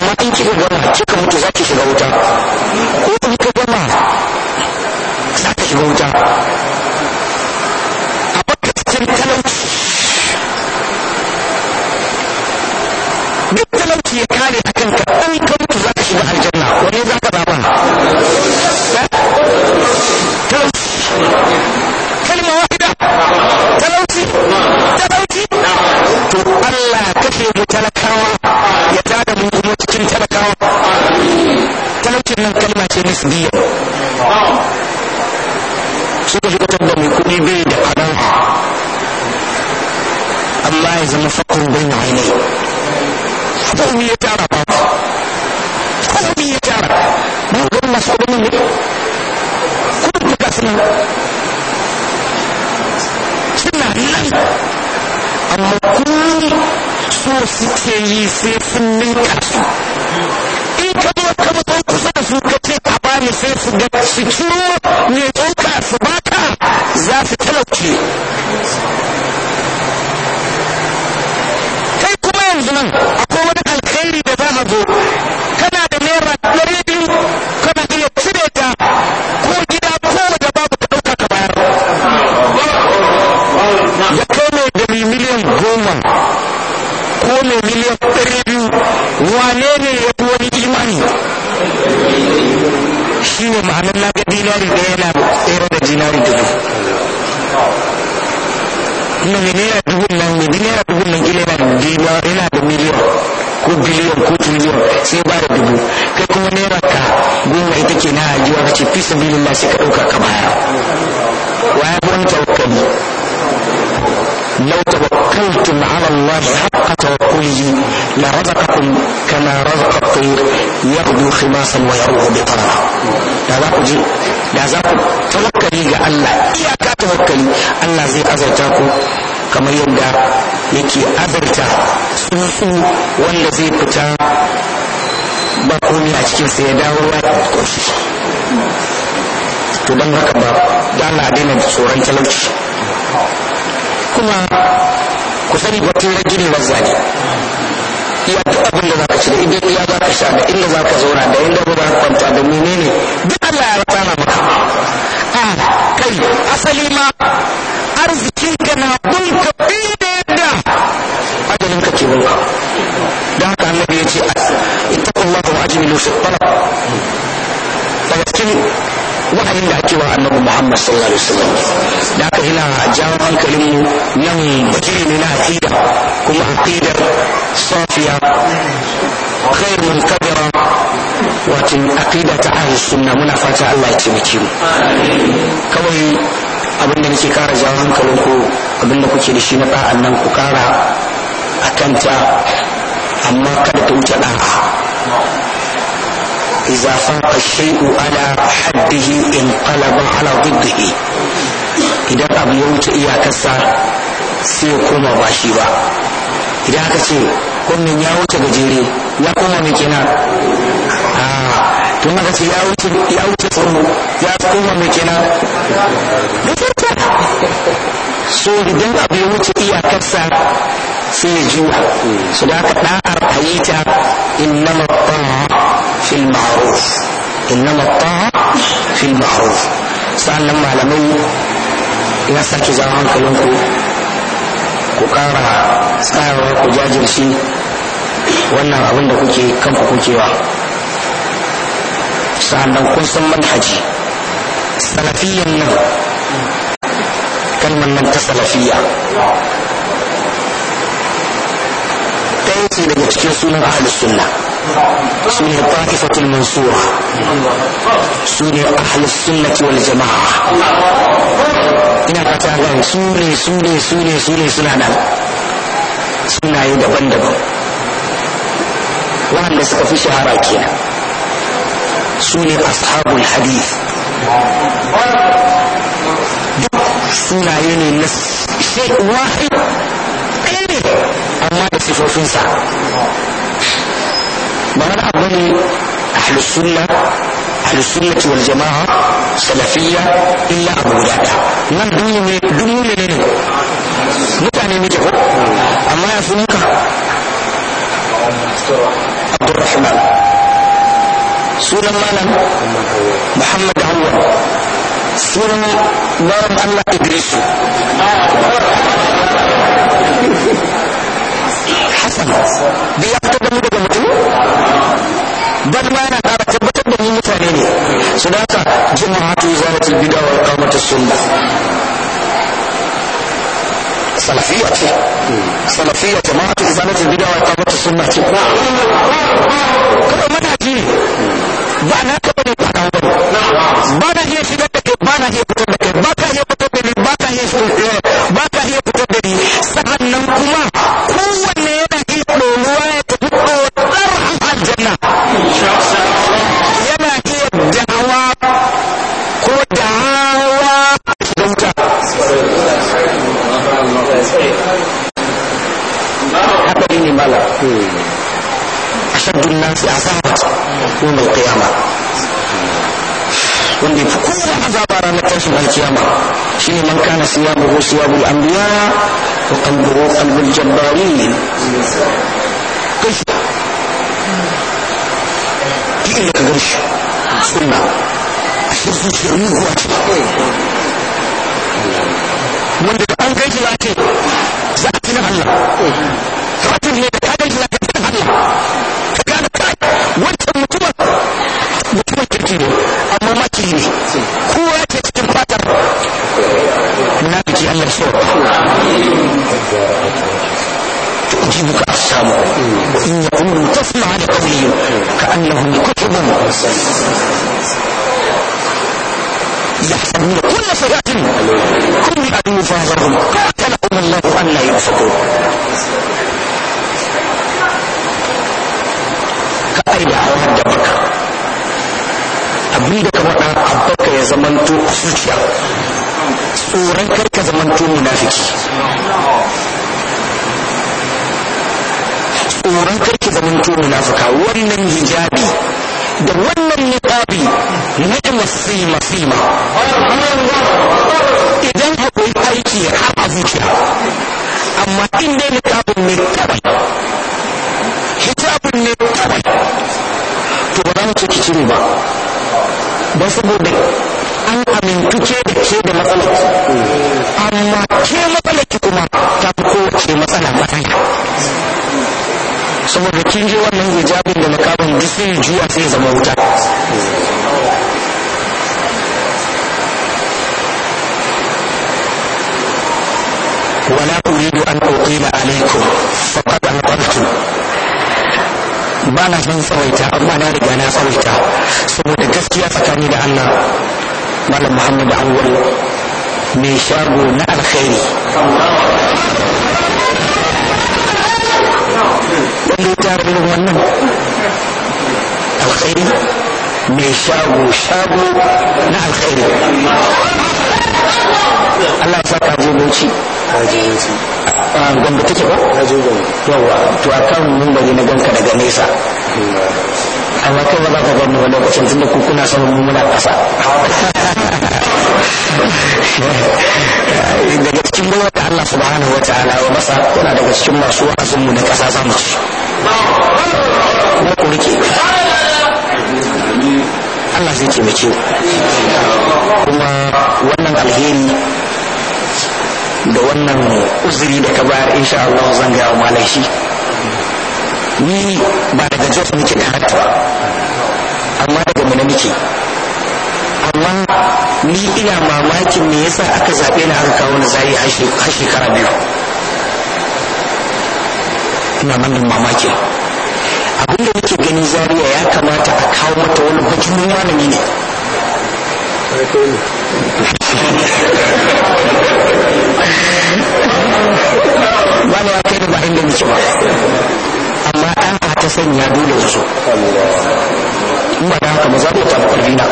amma in kika gama kika mutu za ki shiga wuta ko in ka gama za ka shiga wuta yana cikin sai ya dawo ya shi to don haka ba da Allah daina tsoron talauci kuma ku sani batun rajin mazza ne Ya duk abin da za ka ci da idan ya za ka sha da inda za ka zauna da inda za ka kwanta da menene duk Allah ya rasa na maka a ah, kai asali ma arzikin wa'ayin da ake wa annabi Muhammad sallallahu alaihi wasallam da aka yana jawo hankalin mu nan bakiri ne na aqida kuma aqidar safiya khair min wato aqida ta ahlus sunna muna fata Allah ya taimake mu kawai abin da nake kara jawo hankalin ku abin da kuke da shi na da'an nan ku kara ta amma kada ku wuce da'a إذا فاق الشيء على حده انقلب على ضده إذا أبو يوت إيا كسا سيكون باشيبا إذا كسي كن من يوت بجيري يقوم مكنا آه kina a tun aka ce ya wuce ya wuce tsoro ya koma mai kina so idan abu ya wuce iyakarsa sai ya juya su da aka ɗa'ar ayyata innama ɗa'a في المعروف إنما الطاعة في المعروف sa'annan malamai ya sake jawo hankalinku ku kara tsayawa ku jajirce wannan abin da kuke kanku kukewa sa'annan kun san manhaji salafiyyan nan kalmar nan ta salafiyya ɗaya ce daga cikin sunan ahalus sunna su ne ta'ifatul mansura su ne ahlus sunnati jama'a ina fata gan su ne su ne su ne su ne suna nan sunaye daban-daban wanda suka fi shahara kenan su ne ashabul hadith duk sunaye ne na shek wahid ɗaya ne amma da sifofinsa معنى أبني أهل السنة أهل السنة والجماعة سلفية إلا أبو دادا من دون دون لنه نتعني نجحو أما يفنك عبد الرحمن سورة مالا محمد هو سورة نارم أن إدريس حسن بيأتد dan ma yana ƙara tabbatar da mu mutane ne su da haka jama'atu izalatul bid'a wa iqamatus sunna salafiyya ce salafiyya jama'atu izalatul bid'a wa iqamatus sunna ce kada mana ji ba na ka bane ba ka bane ba na iya shigar da ke. ba na iya fitar da ke. ba ka iya fitar da ni ba ka iya fitar da ni ثيابه ثياب الأنبياء وقلبه قلب الجبارين كيف يقول لك قرش سنة الشيخ الشرمي هو wanda da an gaji lafiya za a tunan don karka zaman to munafiki tsoron karki zaman to munafuka wannan hijabi da wannan niqabi ni'ma sima sima idan akwai aiki har a zuciya amma in dai niqabin ne kawai hijabin ne kawai to ba za mu ci ba don saboda amintu ce da ke da matsala. amma ke matsalar ki kuma ta fi kowace matsala matsala saboda kin je wannan hijabin da makaban duk sai juya sai zama wuta ولا أريد أن أطيل عليكم فقد أنقلتم ba na son tsawaita amma na riga na tsawaita saboda gaskiya tsakani da Allah malam muhammad awwal mai shago na alkhairi wanda ya tara wannan alkhairi mai shago shago na alkhairi Allah ya saka je ah, take ba? Yawa, to a kan mun bari na ganka daga nesa. amma kai ba za ka gani ba lokacin tunda ku kuna sama mu muna kasa. daga cikin bawa da Allah subhanahu wa ta'ala wa masa yana daga cikin masu wa'azin mu na ƙasa sama kuma ku rike Allah zai taimake kuma wannan alheri da wannan uzuri da ka bayar insha Allah zan ga wa malai shi ni ba daga jos muke karatu ba amma daga mu muke amma ni ina mamakin me yasa aka zaɓe ni aka kawo ni zai har shekara biyu ina manin mamakin abinda muke gani zariya ya kamata a kawo mata wani bajimin malami ne wani ya kai da ba inda muke ba ta sanya dole su in ba da haka mu zaɓo ta ƙwarfi na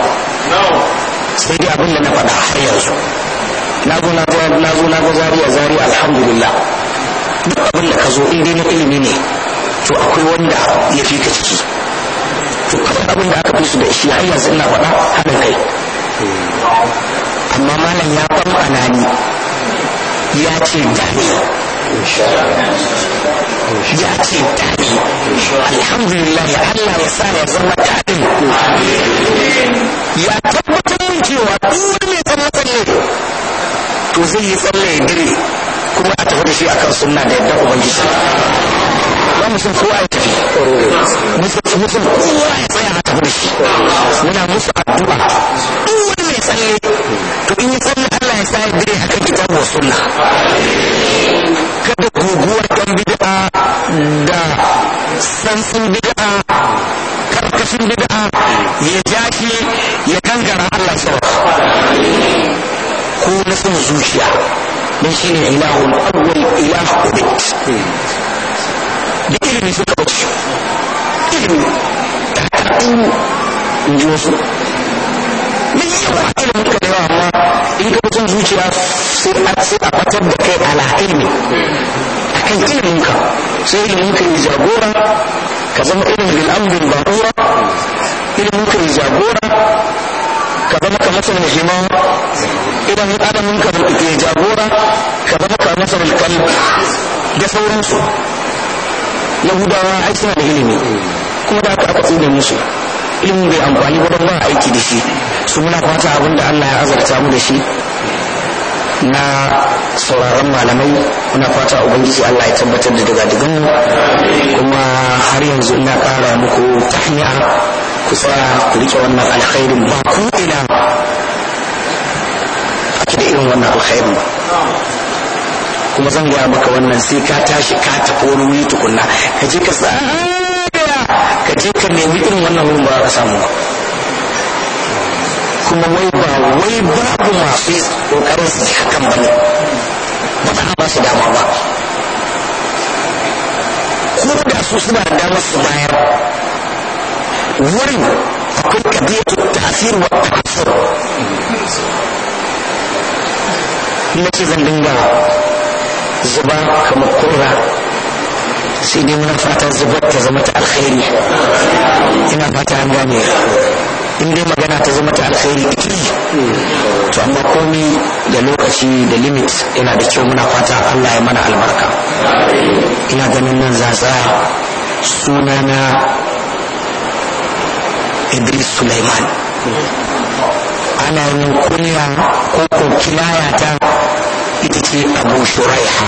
sai dai abin da na faɗa har yanzu na zo na zo na zo na zari alhamdulillah duk abin da ka zo in dai na ilimi ne to akwai wanda ya fi ka ciki to kamar abin da aka fi su da shi har yanzu ina faɗa haɗin kai amma malam ya ban anani ya ce dani ya ce wata ne alhamdulillah ya Allah ya sa ya zama ta ya tabbatar min cewa duk mai tsalle tsalle to zai yi tsalle ya dire kuma a tafi da shi akan sunna da yadda ubangiji ba mu san kowa ya tafi mu san kowa ya tsaya a tafi da shi muna musu addu'a duk wani mai tsalle to in yi tsalle Allah ya sa ya dire haka kitabu wa sunna kada ku bid'a da sansin bid'a karkashin bid'a ya ja shi ya gangara Allah sauransu ko na son zuciya don shi ne ilahun ubit da ilimi suka wuce ilimi da yawa ilimin ka da yawa amma in ka zuciya sai a batar da kai ala ilimi akan iliminka sai iliminka ya jagora ka zama irin bin amrin ba'ura iliminka ya jagora ka zama ka masa hima idan adaminka ya jagora ka zama ka masa kan da sauransu yahudawa ai suna da ilimi kuma da aka aka tsine musu ilimin bai amfani ba ba aiki da shi su muna fata abin da Allah ya azarta mu da shi na sauraron malamai muna fata ubangiji Allah ya tabbatar da daga digan kuma har yanzu ina ƙara muku tahniya ku sa ku rike wannan alkhairin ba ku ina ake da irin wannan alkhairin ba kuma zan gaya maka wannan sai ka tashi ka tafi wani wuri tukunna ka je ka ka je ka nemi irin wannan wurin ba ka samu ba kuma wai ba wai babu masu kokarin su hakan ne ba ta a ba su dama ba ko da su suna da dama su bayar wurin akwai kabiyatu ta'asir wa ta'asir na ce zan dinga zuba kamar kura sai dai muna fatan zubar ta zama ta alkhairi ina fata an gane in dai magana ta zama ta alkhairi da to amma komi da lokaci da limit yana da kyau muna fata Allah ya mana albarka ina ganin nan za suna sunana Idris Sulaiman ana yin kunya ko ko kilaya ta ita ce Abu Shuraiha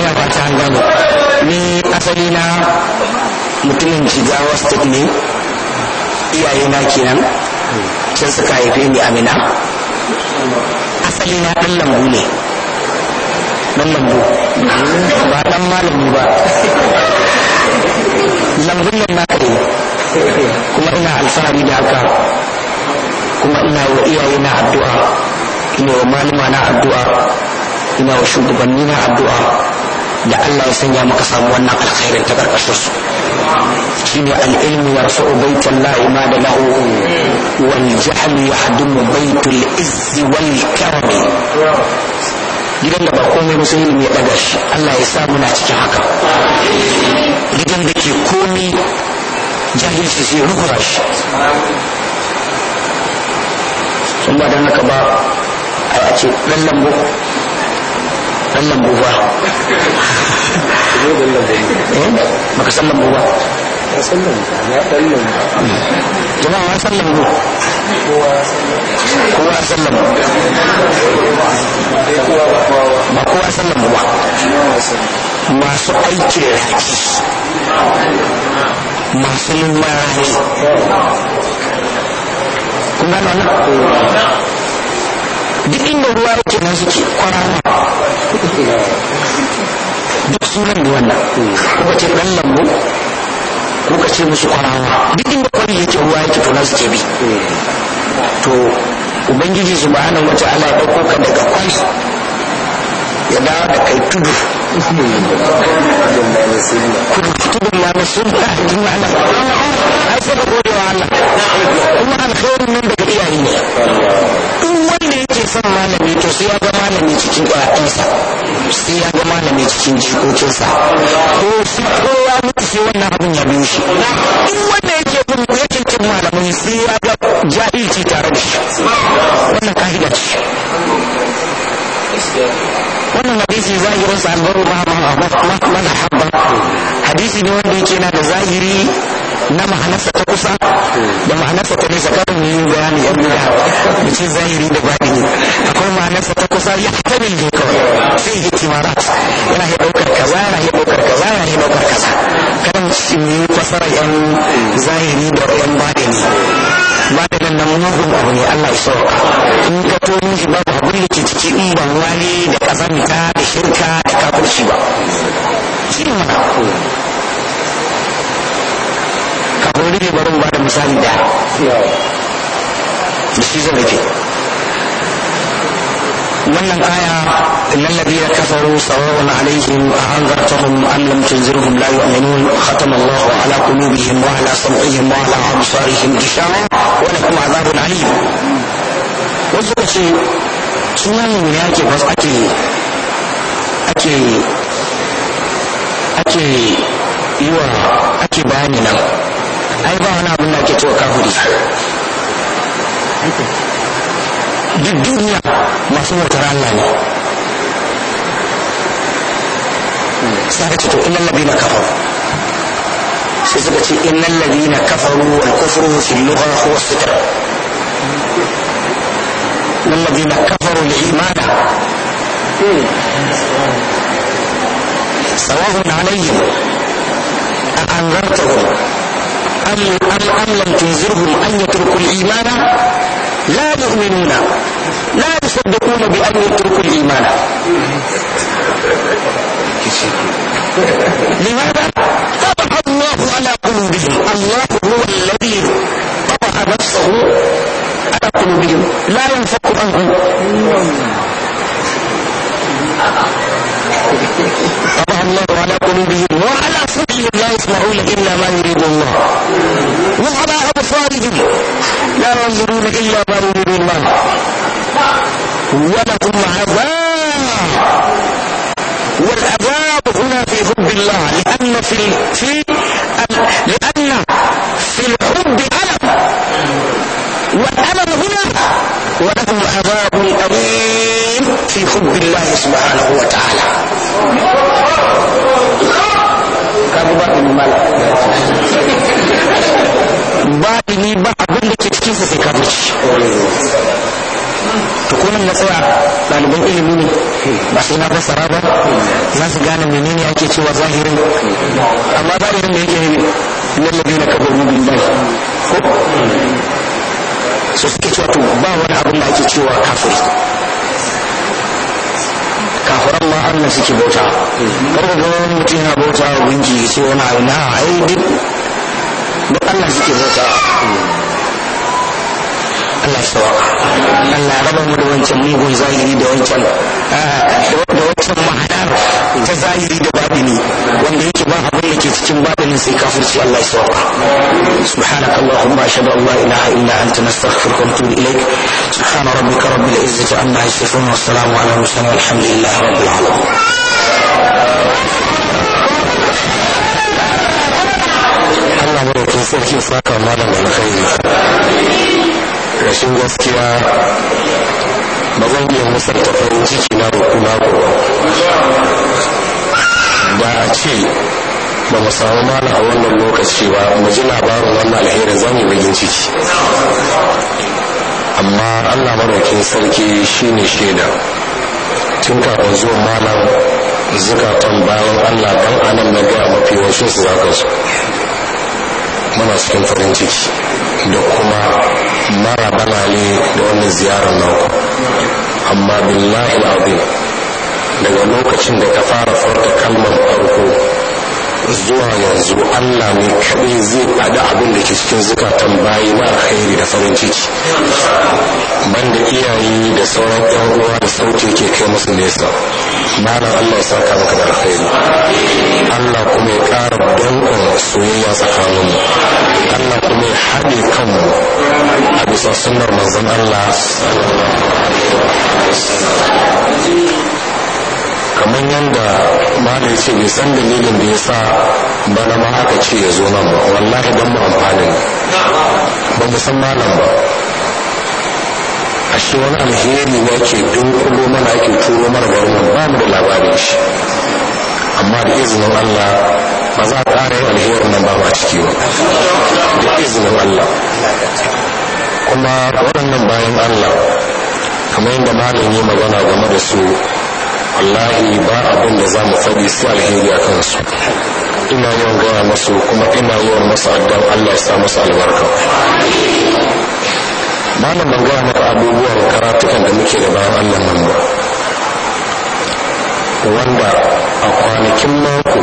ina fata an gano ni asali na mutumin shiga wasu ne iyaye na kenan sun suka haife ni amina asali na dan lambu ne dan lambu ba dan malami ba lambun nan na kai kuma ina alfahari da haka kuma ina wa iyaye na addu'a ina wa malama na addu'a ina wa shugabanni na addu'a da Allah ya sanya maka samu wannan alkhairin ta karkashin su shine al-ilmu yarfa'u baita Allah ma da lahu wal jahlu yahdumu baitul wal karami gidan da ba komai musu ilimi ya daga shi Allah ya sa muna cikin haka gidan da ke komi jahilci sai rukura shi sun ba don haka ba a ce ɗan lambu dan lembu ba baka san lambu ba jama'a ya san lambu kowa ya san lambu ba kowa ya san lambu ba masu aiki duk inda ruwa yake nan suke kwarara duk sunan ne wannan kuka ce ɗan lambu kuka ce musu kwarawa duk inda kwari yake ruwa yake to suke bi to ubangiji subhanahu wata ala ya ɗauko ka daga kwari ya dawo da kai tudu اسمه جمال السنة كنت جمال السنة جمعنا عايز اقول يا الله الله الخير من بقية هنا wanda yake son malami to sai ya ga malami cikin ƴaƴansa sai ya ga malami cikin jikokinsa ko shi ko ya mutu sai wannan abin yake bin yake malamai sai ya tare da shi wannan ka'ida wannan hadisi zahirin sa albaru mahabba hadisi ne wanda yake na da zahiri na ma'anarsa ta kusa da ma'anarsa ta nesa karin yi bayani yan nuna da ce zahiri da baɗini akwai ma'anarsa ta kusa ya hatamil ne kawai sai yi kimarat yana ya ɗaukar kaza yana ya ɗaukar kaza yana ya ɗaukar kaza kan shi ne kwasar yan zahiri da yan baɗini maganin nan mugun abu ne Allah ya sauka in ka toni shi babu abin da ke ciki in ban wani da kazamita da shirka da kafirci ba shi ne mana ka hori ne bari mu ba da misali da da shi wannan aya lallabi ya kafaru sawa'un alaihim a anzartahum am lam tunzirhum la yu'minun khatama Allah ala qulubihim wa ala sam'ihim wa ala absarihim gishawa wa lahum azabun alim wasu suka ce sunan ne ake wasu ake ake ake yi wa ake bayani nan ai ba wani abin da ake cewa kafiri بالدنيا مفهوم القران يعني سابقته الا الذين كفروا سابقته ان الذين كفروا والكفر في اللغه هو الفتر والذين كفروا الايمان سواء عليهم أأنذرتهم أم أم لم تنذرهم أن يتركوا الإيمان لا يؤمنون لا يصدقون بأن يتركوا الإيمان لماذا؟ طبع الله على قلوبهم الله هو الذي طبع نفسه على قلوبهم لا ينفك عنهم طبع الله على قلوبهم وعلى صدق لا يسمعون إلا ما يريد الله وعلى ينظرون إلا ما يريد الله ولقد ba sai na fassara ba za su gane menene ake cewa zahirin amma ba irin da yake lallabi na kabaru bin bai ko so suke cewa to ba wani abin da ake cewa kafiri kafiran ma Allah suke bauta kar ga wani mutum yana bauta wa gunki sai wani abu na ai duk duk Allah suke bauta Allah ya sawa Allah ya raba mu da wancan mugun zahiri da wancan da wancan ma'anar ta zahiri da babini wanda yake ba abin da ke cikin babinin sai kafirci Allah ya sauka subhanaka allahumma ashhadu an la ilaha illa anta nastaghfiruka wa atubu ilaik subhana rabbika rabbil izzati amma yasifun wa salamu ala mursalin walhamdulillahi rabbil alamin Allah barkin sarki saka malam alkhairi rashin gaskiya ba zan iya musa da farin ciki na roƙo na ba a ce ba mu samu mana a wannan lokaci ba mu ji labarin wannan alherin zamu yi bakin ciki amma allah maraukin sarki shi ne shaida tun kafin zuwan malam zukatan bayan allah dan anan na gaya mafi wasu su zaka su muna cikin farin ciki da kuma mara bana ne da wannan ziyarar naku amma billahi abu daga lokacin da ka fara furta kalmar farko zuwa yanzu Allah mai kaɗai zai faɗi abin da ke cikin zukatan bayi na alkhairi da farin ciki banda iyaye da sauran yan uwa da sauti ke kai musu nesa malam Allah ya saka maka da alkhairi Allah kuma ya ƙara danƙon soyayya tsakanin Allah kuma ya haɗe kanmu a bisa sunnar manzon Allah sallallahu alaihi kamar yadda da ya ce bai san dalilin da ya sa bana ma aka ce ya zo nan ba wallahi don mu amfani ba mu san malam ba a shi wani alheri ne ke dunkulo mana ake turo mana ba wannan ba mu da labarin shi amma da izinin allah ba za a ƙara yin alherin nan ba ba ciki ba da izinin allah kuma waɗannan bayan allah kamar yadda malam ya magana game da su wallahi ba abin da za mu faɗi su alheri a kansu ina yawan gaya masu kuma ina yawan masu addan allah ya sa masu albarka na ban gaya maka abubuwan karatukan da muke da bayan allah nan ba wanda a kwanakin mako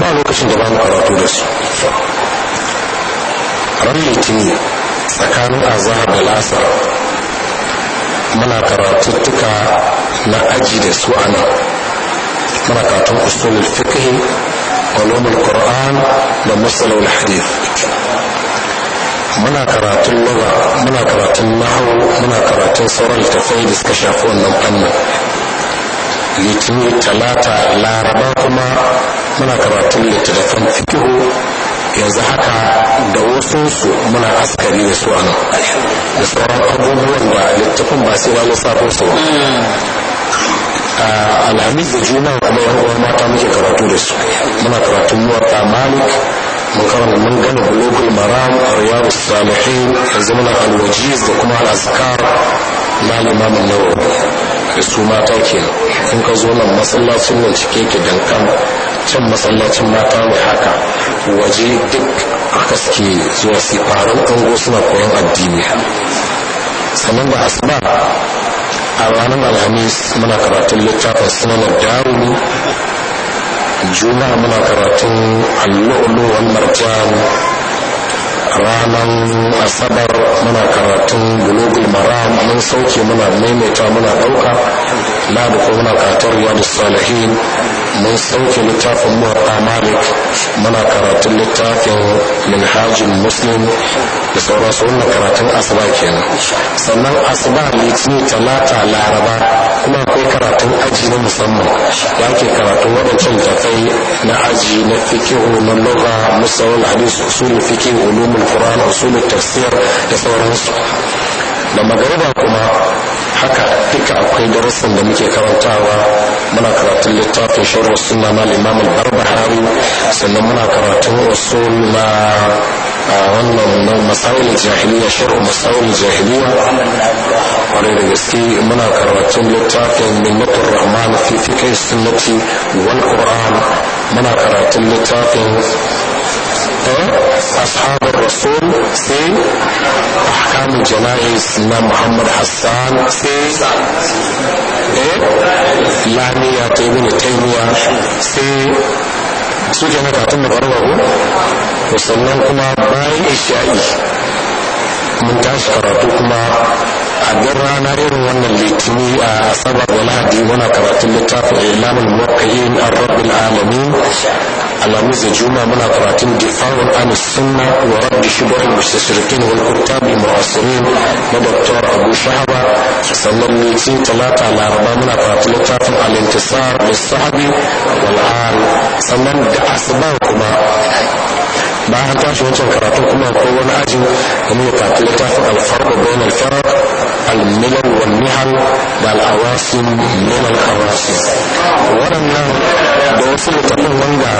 ba lokacin da ba mu karatu da su ran litini tsakanin azahar da lasar muna karatuttuka na aji da su ana muna katon usulul fiqh ulumul qur'an da musalul hadith muna karatun lura muna karatun nahu muna karatun sauran littattafai da suka shafi wannan fannin litini talata laraba kuma muna karatun littattafan fikihu yanzu haka da wasu su muna askari da su a nan da sauran abubuwan da littafin ba sai wani sabon sauran ba mm. alhamis da juna kuma yan uwa mata muke karatu da su muna karatun muwatta malik mun karanta mun gane bulugul maram riyadu salihin yanzu muna alwajiz da kuma al'azkar na limamin nawawi da su mata ke. in ka zo nan masallacin nan cike ke dankan can masallacin mata ne haka waje duk aka suke zuwa sifarin ango suna koyon addini sannan da asuba a ranar alhamis muna karatun littafin sunanar daruru juna muna karatun allu'ulu wal ranar asabar muna karatun bulogul maram mun sauke muna maimaita muna ɗauka na ko muna karatun yadda salihin mun sauke littafin muwaɗa malik muna karatun littafin minhajin muslim da sauransu wannan karatun asuba kenan sannan asuba litini talata laraba kuma akwai karatun aji na musamman da ake karatun waɗancan tafai na aji na fikihu na lura musawar hadis usulun fikihu ulumul qur'an usulun tafsir da sauransu da magariba kuma haka duka akwai darussan da muke karantawa muna karatun littafin shirin sunna na limamin al-barbahari sannan muna karatun usul na wannan masarar jahiliya shirin masarar jahiliya kwarai da gaske muna karatun littafin minnatur rahman fifikai fiqh sunnati wal muna karatun littafin أصحاب eh, sai ahkamun jana'iz na muhammad hassan sai eh, lamiya ta yi mini taimuwa sai suke na katon da barba ko sannan kuma bayan isha'i mun tashi karatu kuma a duk rana irin wannan litini a sabar wani hadi muna karatun littafin ilamul muwakkayin a rabbil alamin alhamis da juma muna karatun difa'un an sunna wa rabbi shubhal mustashriqin wal kuttab al mu'asirin na dr abu shahaba sannan mece talata laraba muna karatun littafin al-intisar bis sahabi wal sannan da asban kuma bayan tashi wancan karatun kuma ko wani ajin da muka karatun litafin al-farq bain al-farq الملل والمهن والأواسم من الأواسم waɗannan da wasu mutanen wanda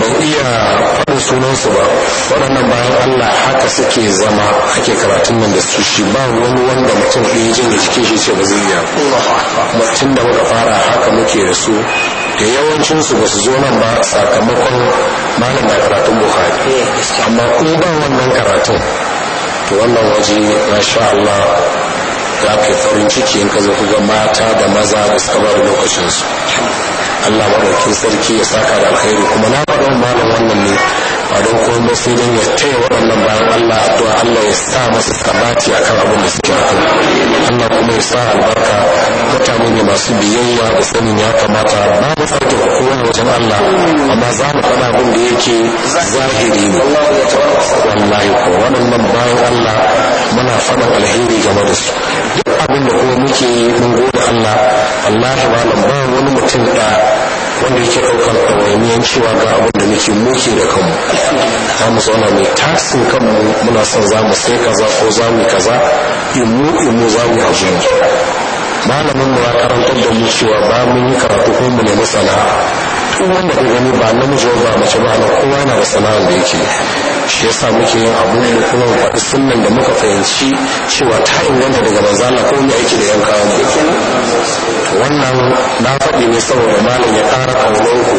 ban iya faɗin sunansu ba waɗannan bayan Allah haka suke zama ake karatun nan da su shi ba wani wanda mutum ɗaya jin da jikin shi ce ba mutum da muka fara haka muke da su da yawancinsu ba su zo nan ba sakamakon malam da karatun buhari amma ko ba wannan karatun to wannan waje masha Allah za ka farin ciki in ka zafi ga mata da maza da suka ba da lokacinsu Allah maɗaukin sarki ya saka da alkhairi kuma na faɗin malin wannan ne ba don kuma ba sai don ya taya waɗannan bayan Allah addu'a Allah ya sa masu sabati akan abin da suke akai Allah kuma ya sa albarka mutane ne masu biyayya da sanin ya kamata ba mu sauke kowa wajen Allah amma za mu faɗa abin da yake zahiri ne wallahi ko waɗannan bayan Allah muna faɗin alheri game da su duk abin da kuma muke mun gode Allah Allah ya ba wani mutum da wanda yake ɗaukar ɗawainiyan cewa ga abin da muke muke da kanmu ta musu zauna mai tasin kanmu muna son za mu sai kaza ko za mu kaza imu imu za mu abu ne malamin mu ya karantar da mu cewa ba mun yi karatu ko mu nemi sana'a duk wanda ka gani ba namiji ba mace ba na kowa na da sana'a da yake shi yasa muke yin abu ne kuma mu faɗi sunnan da muka fahimci cewa ta inganta daga manzo Allah ko mu aiki da yan kawo mu wannan na faɗi ne saboda malam ya ƙara kaunar ku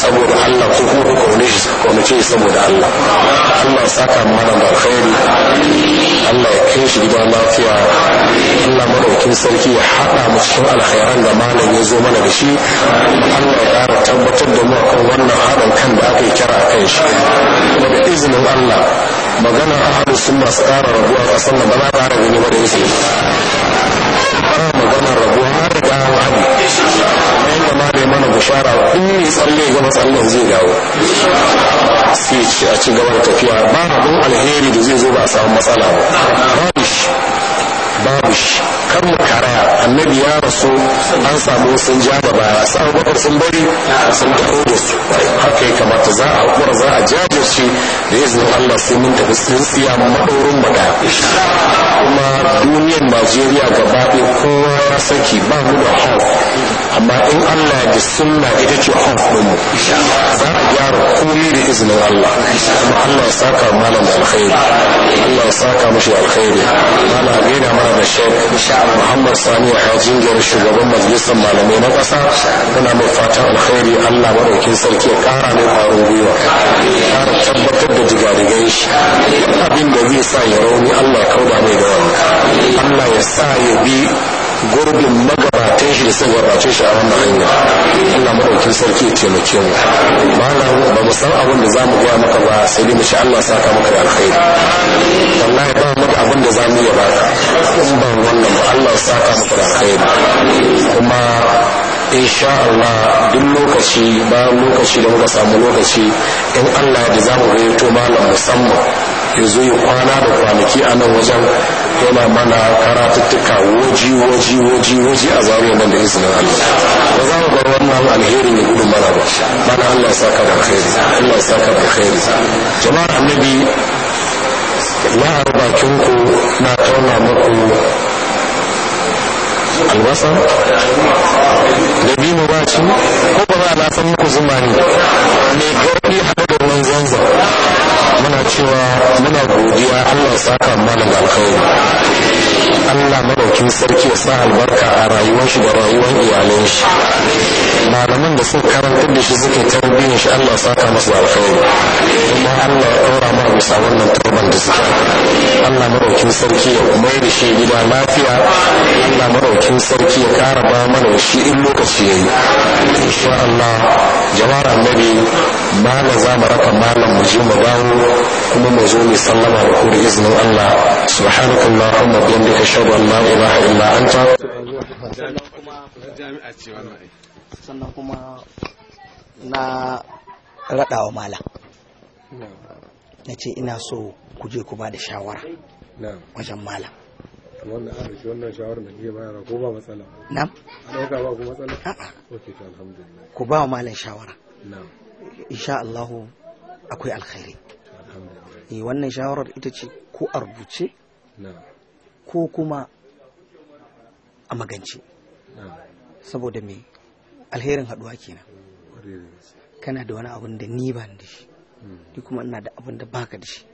saboda Allah ko kuma ku kaune shi kaunace ce saboda Allah Allah saka mana malam da alkhairi Allah ya kai shi gidan lafiya Allah madaukin sarki ya haɗa mu cikin alkhairan da malam ya zo mana da shi Allah ya ƙara tabbatar da mu akan wannan haɗin kan da aka yi kira kan shi da hannun Allah magana ahalus sun masu ƙara rabuwa a ƙasar da ba za ƙara gani ba da yake ana maganar rabuwa har da gawo abu kamar yadda ma da mana bishara in ne tsalle gama tsallen zai dawo sai a ci gaba da tafiya ba abin alheri da zai zo ba a samu matsala ba babu shi kan mu annabi ya rasu an samu sun ja da baya sa abubakar sun bari sun taho da su haka ya kamata za a hakura za a jajirce da izinin allah sai mun tafi tsintsiya maɗaurin mu da kuma duniyar najeriya gaba ɗaya kowa ya saki ba mu da amma in allah da sunna ita ce hof ɗin mu za a gyara komai da izinin allah kuma allah ya saka malam alkhairi allah ya saka mashi alkhairi malam gaida mana da shek muhammad sani a gari shugaban majalisar malamai na ƙasa muna mai fatan alkhairi allah maɗaukin sarki ya ƙara mai ƙwarin gwiwa ƙara tabbatar da digadigan shi abin da zai sa ya rauni allah ya kauda mai da wani allah ya sa ya bi gurbin magabatan shi da sai gabace shi a wannan hanya Allah madaukin sarki taimake mu malam ba mu san abin da zamu goya maka ba sai dai mu ci Allah saka maka da alkhairi wallahi ba mu da abin da zamu yi baka in ba wannan ba Allah saka maka da alkhairi kuma insha Allah duk lokaci bayan lokaci da muka samu lokaci in Allah da zamu gayyato malam musamman ya zo ya kwana da kwanaki a nan wajen yana mana karatuttuka waji waji waji waji a zariya nan da izinin Allah ba za mu bar wannan alherin ya gudu mana ba mana Allah ya saka da alheri Allah ya saka da alheri jama'a annabi na bakin ku na tauna muku albasa da bi mu ba ci ko ba za a lasan muku zuma ne mai gauri haɗa da ruwan muna cewa muna godiya allah saka malam alkhairi Allah madaukin sarki ya sa albarka a rayuwar shi da rayuwar iyalan shi malaman da suka karantar da shi suke tarbiyyar shi Allah saka masu alkhairi kuma Allah ya kora mana bisa wannan turban da suke Allah madaukin sarki ya mai da shi gida lafiya Allah madaukin sarki ya kara ba mana shi in lokaci yayi insha Allah jama'ar annabi malam za mu raka malam mu je mu dawo kuma mu zo mu sallama da kuri iznin izinin Allah subhanakallahumma bihamdika ashhadu an la ilaha illa anta sannan kuma na raɗawa mala na ce ina so ku je kuma da shawara wajen mala wannan an wannan shawara na ke bayarwa ko ba matsala na ɗauka ba ku matsala a'a ok to alhamdulillah ku ba wa malam shawara na'am insha Allahu akwai alkhairi eh, wannan shawarar ita ce ko a rubuce ko kuma a magance saboda me alherin haduwa kenan kana da wani abun da ni ban da shi ni kuma ina da abun da baka da shi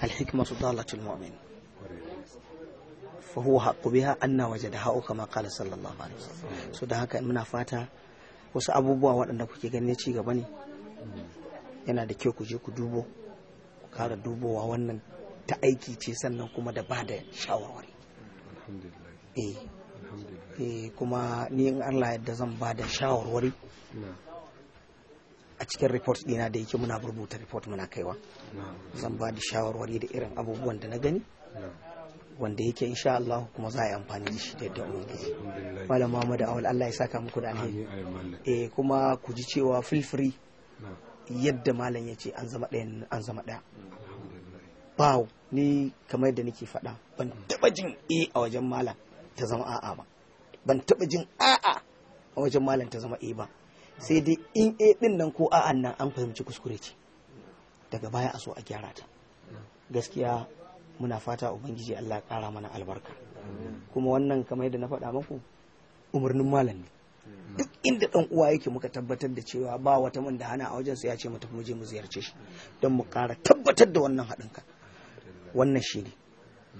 alhikma su dalatul mu'min fa huwa haqqu biha anna wajadaha kama qala sallallahu alaihi wasallam so da haka muna fata wasu abubuwa waɗanda kuke ganin ci gaba ne yana da kyau ku je ku dubo ku kara dubowa wannan ta aiki ce sannan kuma da ba da shawarwari eh. Eh, kuma ni in Allah yadda zan ba da shawarwari a cikin report dina da yake muna rubuta report muna kaiwa zan ba da shawarwari da irin abubuwan da na gani wanda yake insha Allah kuma za a yi amfani da shi da yadda ubangiji malam Muhammad Awal Allah ya saka muku da alheri eh kuma ku ji cewa feel yadda malam ya ce an zama ɗaya an zama ɗaya ba ni kamar da nake faɗa ban taɓa jin e a wajen malam ta zama a'a ba ban taɓa jin a'a a wajen malam ta zama e ba sai dai in e ɗin nan ko a'an nan an fahimci kuskure ce daga baya a so a gyara ta gaskiya muna fata ubangiji Allah ƙara mana albarka kuma wannan kamar yadda na faɗa maku umarnin malam ne duk inda dan uwa yake muka tabbatar da cewa ba wata man da hana a wajen sa ya ce mu tafi mu je mu ziyarce shi don mu ƙara tabbatar da wannan haɗin kan wannan shi ne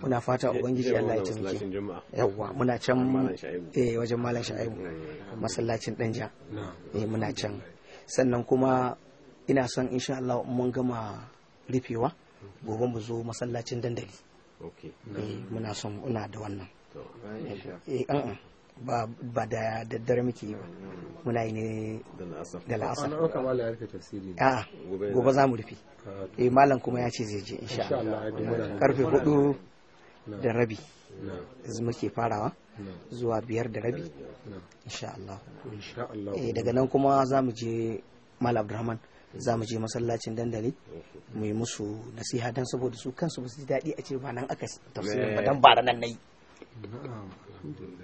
muna fata ubangiji Allah ya taimake yawwa muna can eh wajen malam sha'ibu masallacin danja eh muna can sannan kuma ina son insha Allah mun gama rufewa gobe mu zo masallacin dandali eh, muna son ina da wannan eh ba da daddare muke yi ba muna yi ne da la'asar a gobe za mu rufe ah, eh malam kuma ya ce zai je insha Allah karfe 4 da rabi muke farawa zuwa biyar da rabi insha Allah eh daga nan kuma za mu je malam Abdulrahman za mu je masallacin dandali mu yi musu nasiha don saboda su kansu ba su ji daɗi a ce ba nan aka tafsirin ba dan ba nan nayi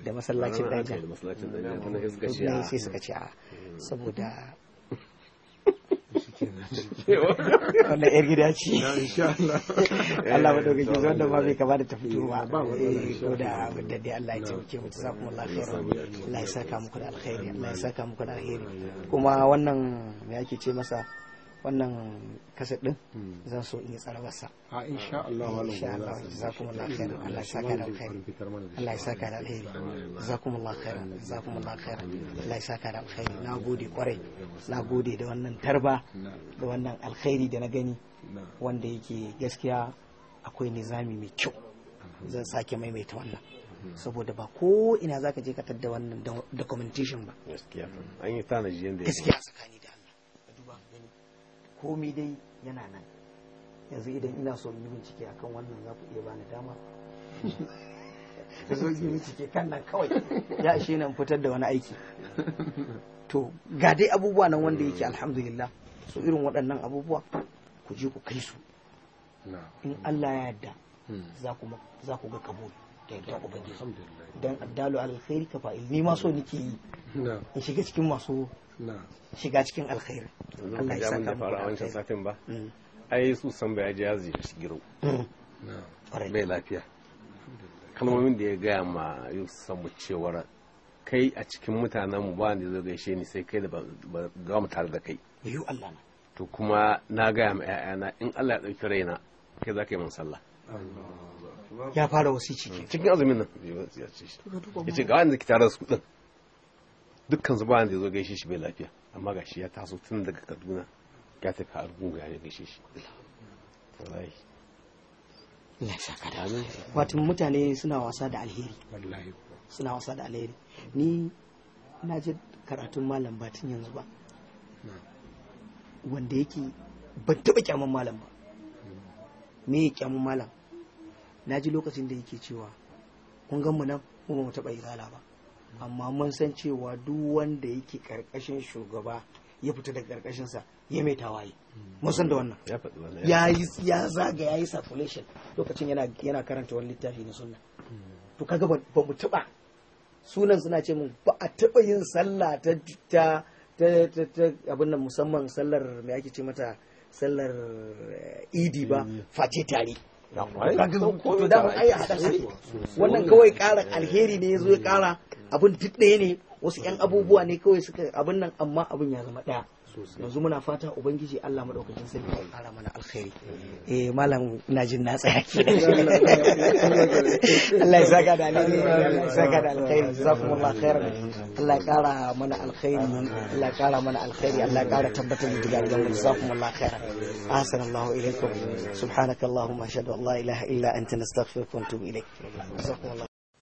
da masallacin daji daja sai suka ce a ah, hmm. saboda wannan yar gida ce Allah ba dauke ki wanda ba bai kama da ta fito ba eh, eh, ko da da dai Allah ya ce muke mutu za kuma khairan Allah ya saka muku da alkhairi Allah ya saka muku da alkhairi kuma wannan me ake ce masa wannan kaset din hmm. zan so in yi tsarabarsa a insha Allah wa insha Allah khairan Allah ya saka da alkhairi Allah ya saka da alkhairi Allah ya saka da alkhairi kwarai da wannan tarba da wannan alkhairi da na gani wanda yake gaskiya akwai nizami mai kyau zan sake maimaita wannan saboda ba ko ina zaka je ka ba gaskiya an yi Komi dai yana nan yanzu idan ina so yi bincike akan wannan za ku iya bani dama [laughs] da zo yi bincike kan nan kawai ya ishe nan fitar da wani aiki to ga dai abubuwa nan wanda yake alhamdulillah so irin waɗannan abubuwa ku je ku kai su in Allah ya yarda hmm. za ku ga kabul da yarda ubangiji dan addalu alkhairi ka ni ma so nike yi in shiga cikin masu shiga cikin alkhairi Allah ya saka faru a wancan satin ba mm. ai su san ba ya ji yazi da shigiro bai lafiya kalmomin da ya gaya ma Yusuf mu cewar kai a cikin mutanen mu ba da zai gaishe ni sai kai da ba ga mu tare da kai yi Allah na to kuma na gaya ma ƴaƴana in Allah ya dauki raina kai za ka yi min sallah ya fara ciki cikin azumin nan ya ce ga wanda ki tare da su din dukkan su ba ya zo gaishe shi bai lafiya amma ga shi ya taso tun daga kaduna ya ka har ga ya gaishe shi wato mutane suna wasa da alheri suna wasa da alheri ni na ji karatun malam ba tun yanzu ba wanda yake ban taɓa kyamun malam ba me ya kyamun malam na ji lokacin da yake cewa kun gan mu nan mu ba mu taɓa izala ba amma mun san cewa duk wanda yake karkashin shugaba ya fita daga karkashinsa ya mai tawaye mun san da wannan ya yi ya zaga ya yi circulation lokacin yana yana karanta wani littafi na sunna to kaga ba mu taba sunan suna ce mun ba a taba yin sallah ta ta ta abin nan musamman sallar me ake ce mata sallar eh, idi ba face tare to da ai hada su wannan kawai ƙara alheri ne zo ya ƙara abin duk ɗaya ne wasu 'yan abubuwa ne kawai suka abin nan amma abin ya zama ɗaya yanzu muna fata ubangiji Allah madaukakin sarki ya fara mana alkhairi eh malam ina jin na tsaya ke [laughs] Allah ya saka da alheri ya saka da alkhairi jazakumullah khairan Allah ya kara mana alkhairi Allah ya kara mana alkhairi Allah ya kara tabbatar da gidan gidan jazakumullah khairan ahsanallahu ilaykum subhanakallahumma ashhadu an la ilaha illa anta nastaghfiruka wa natubu ilayk jazakumullah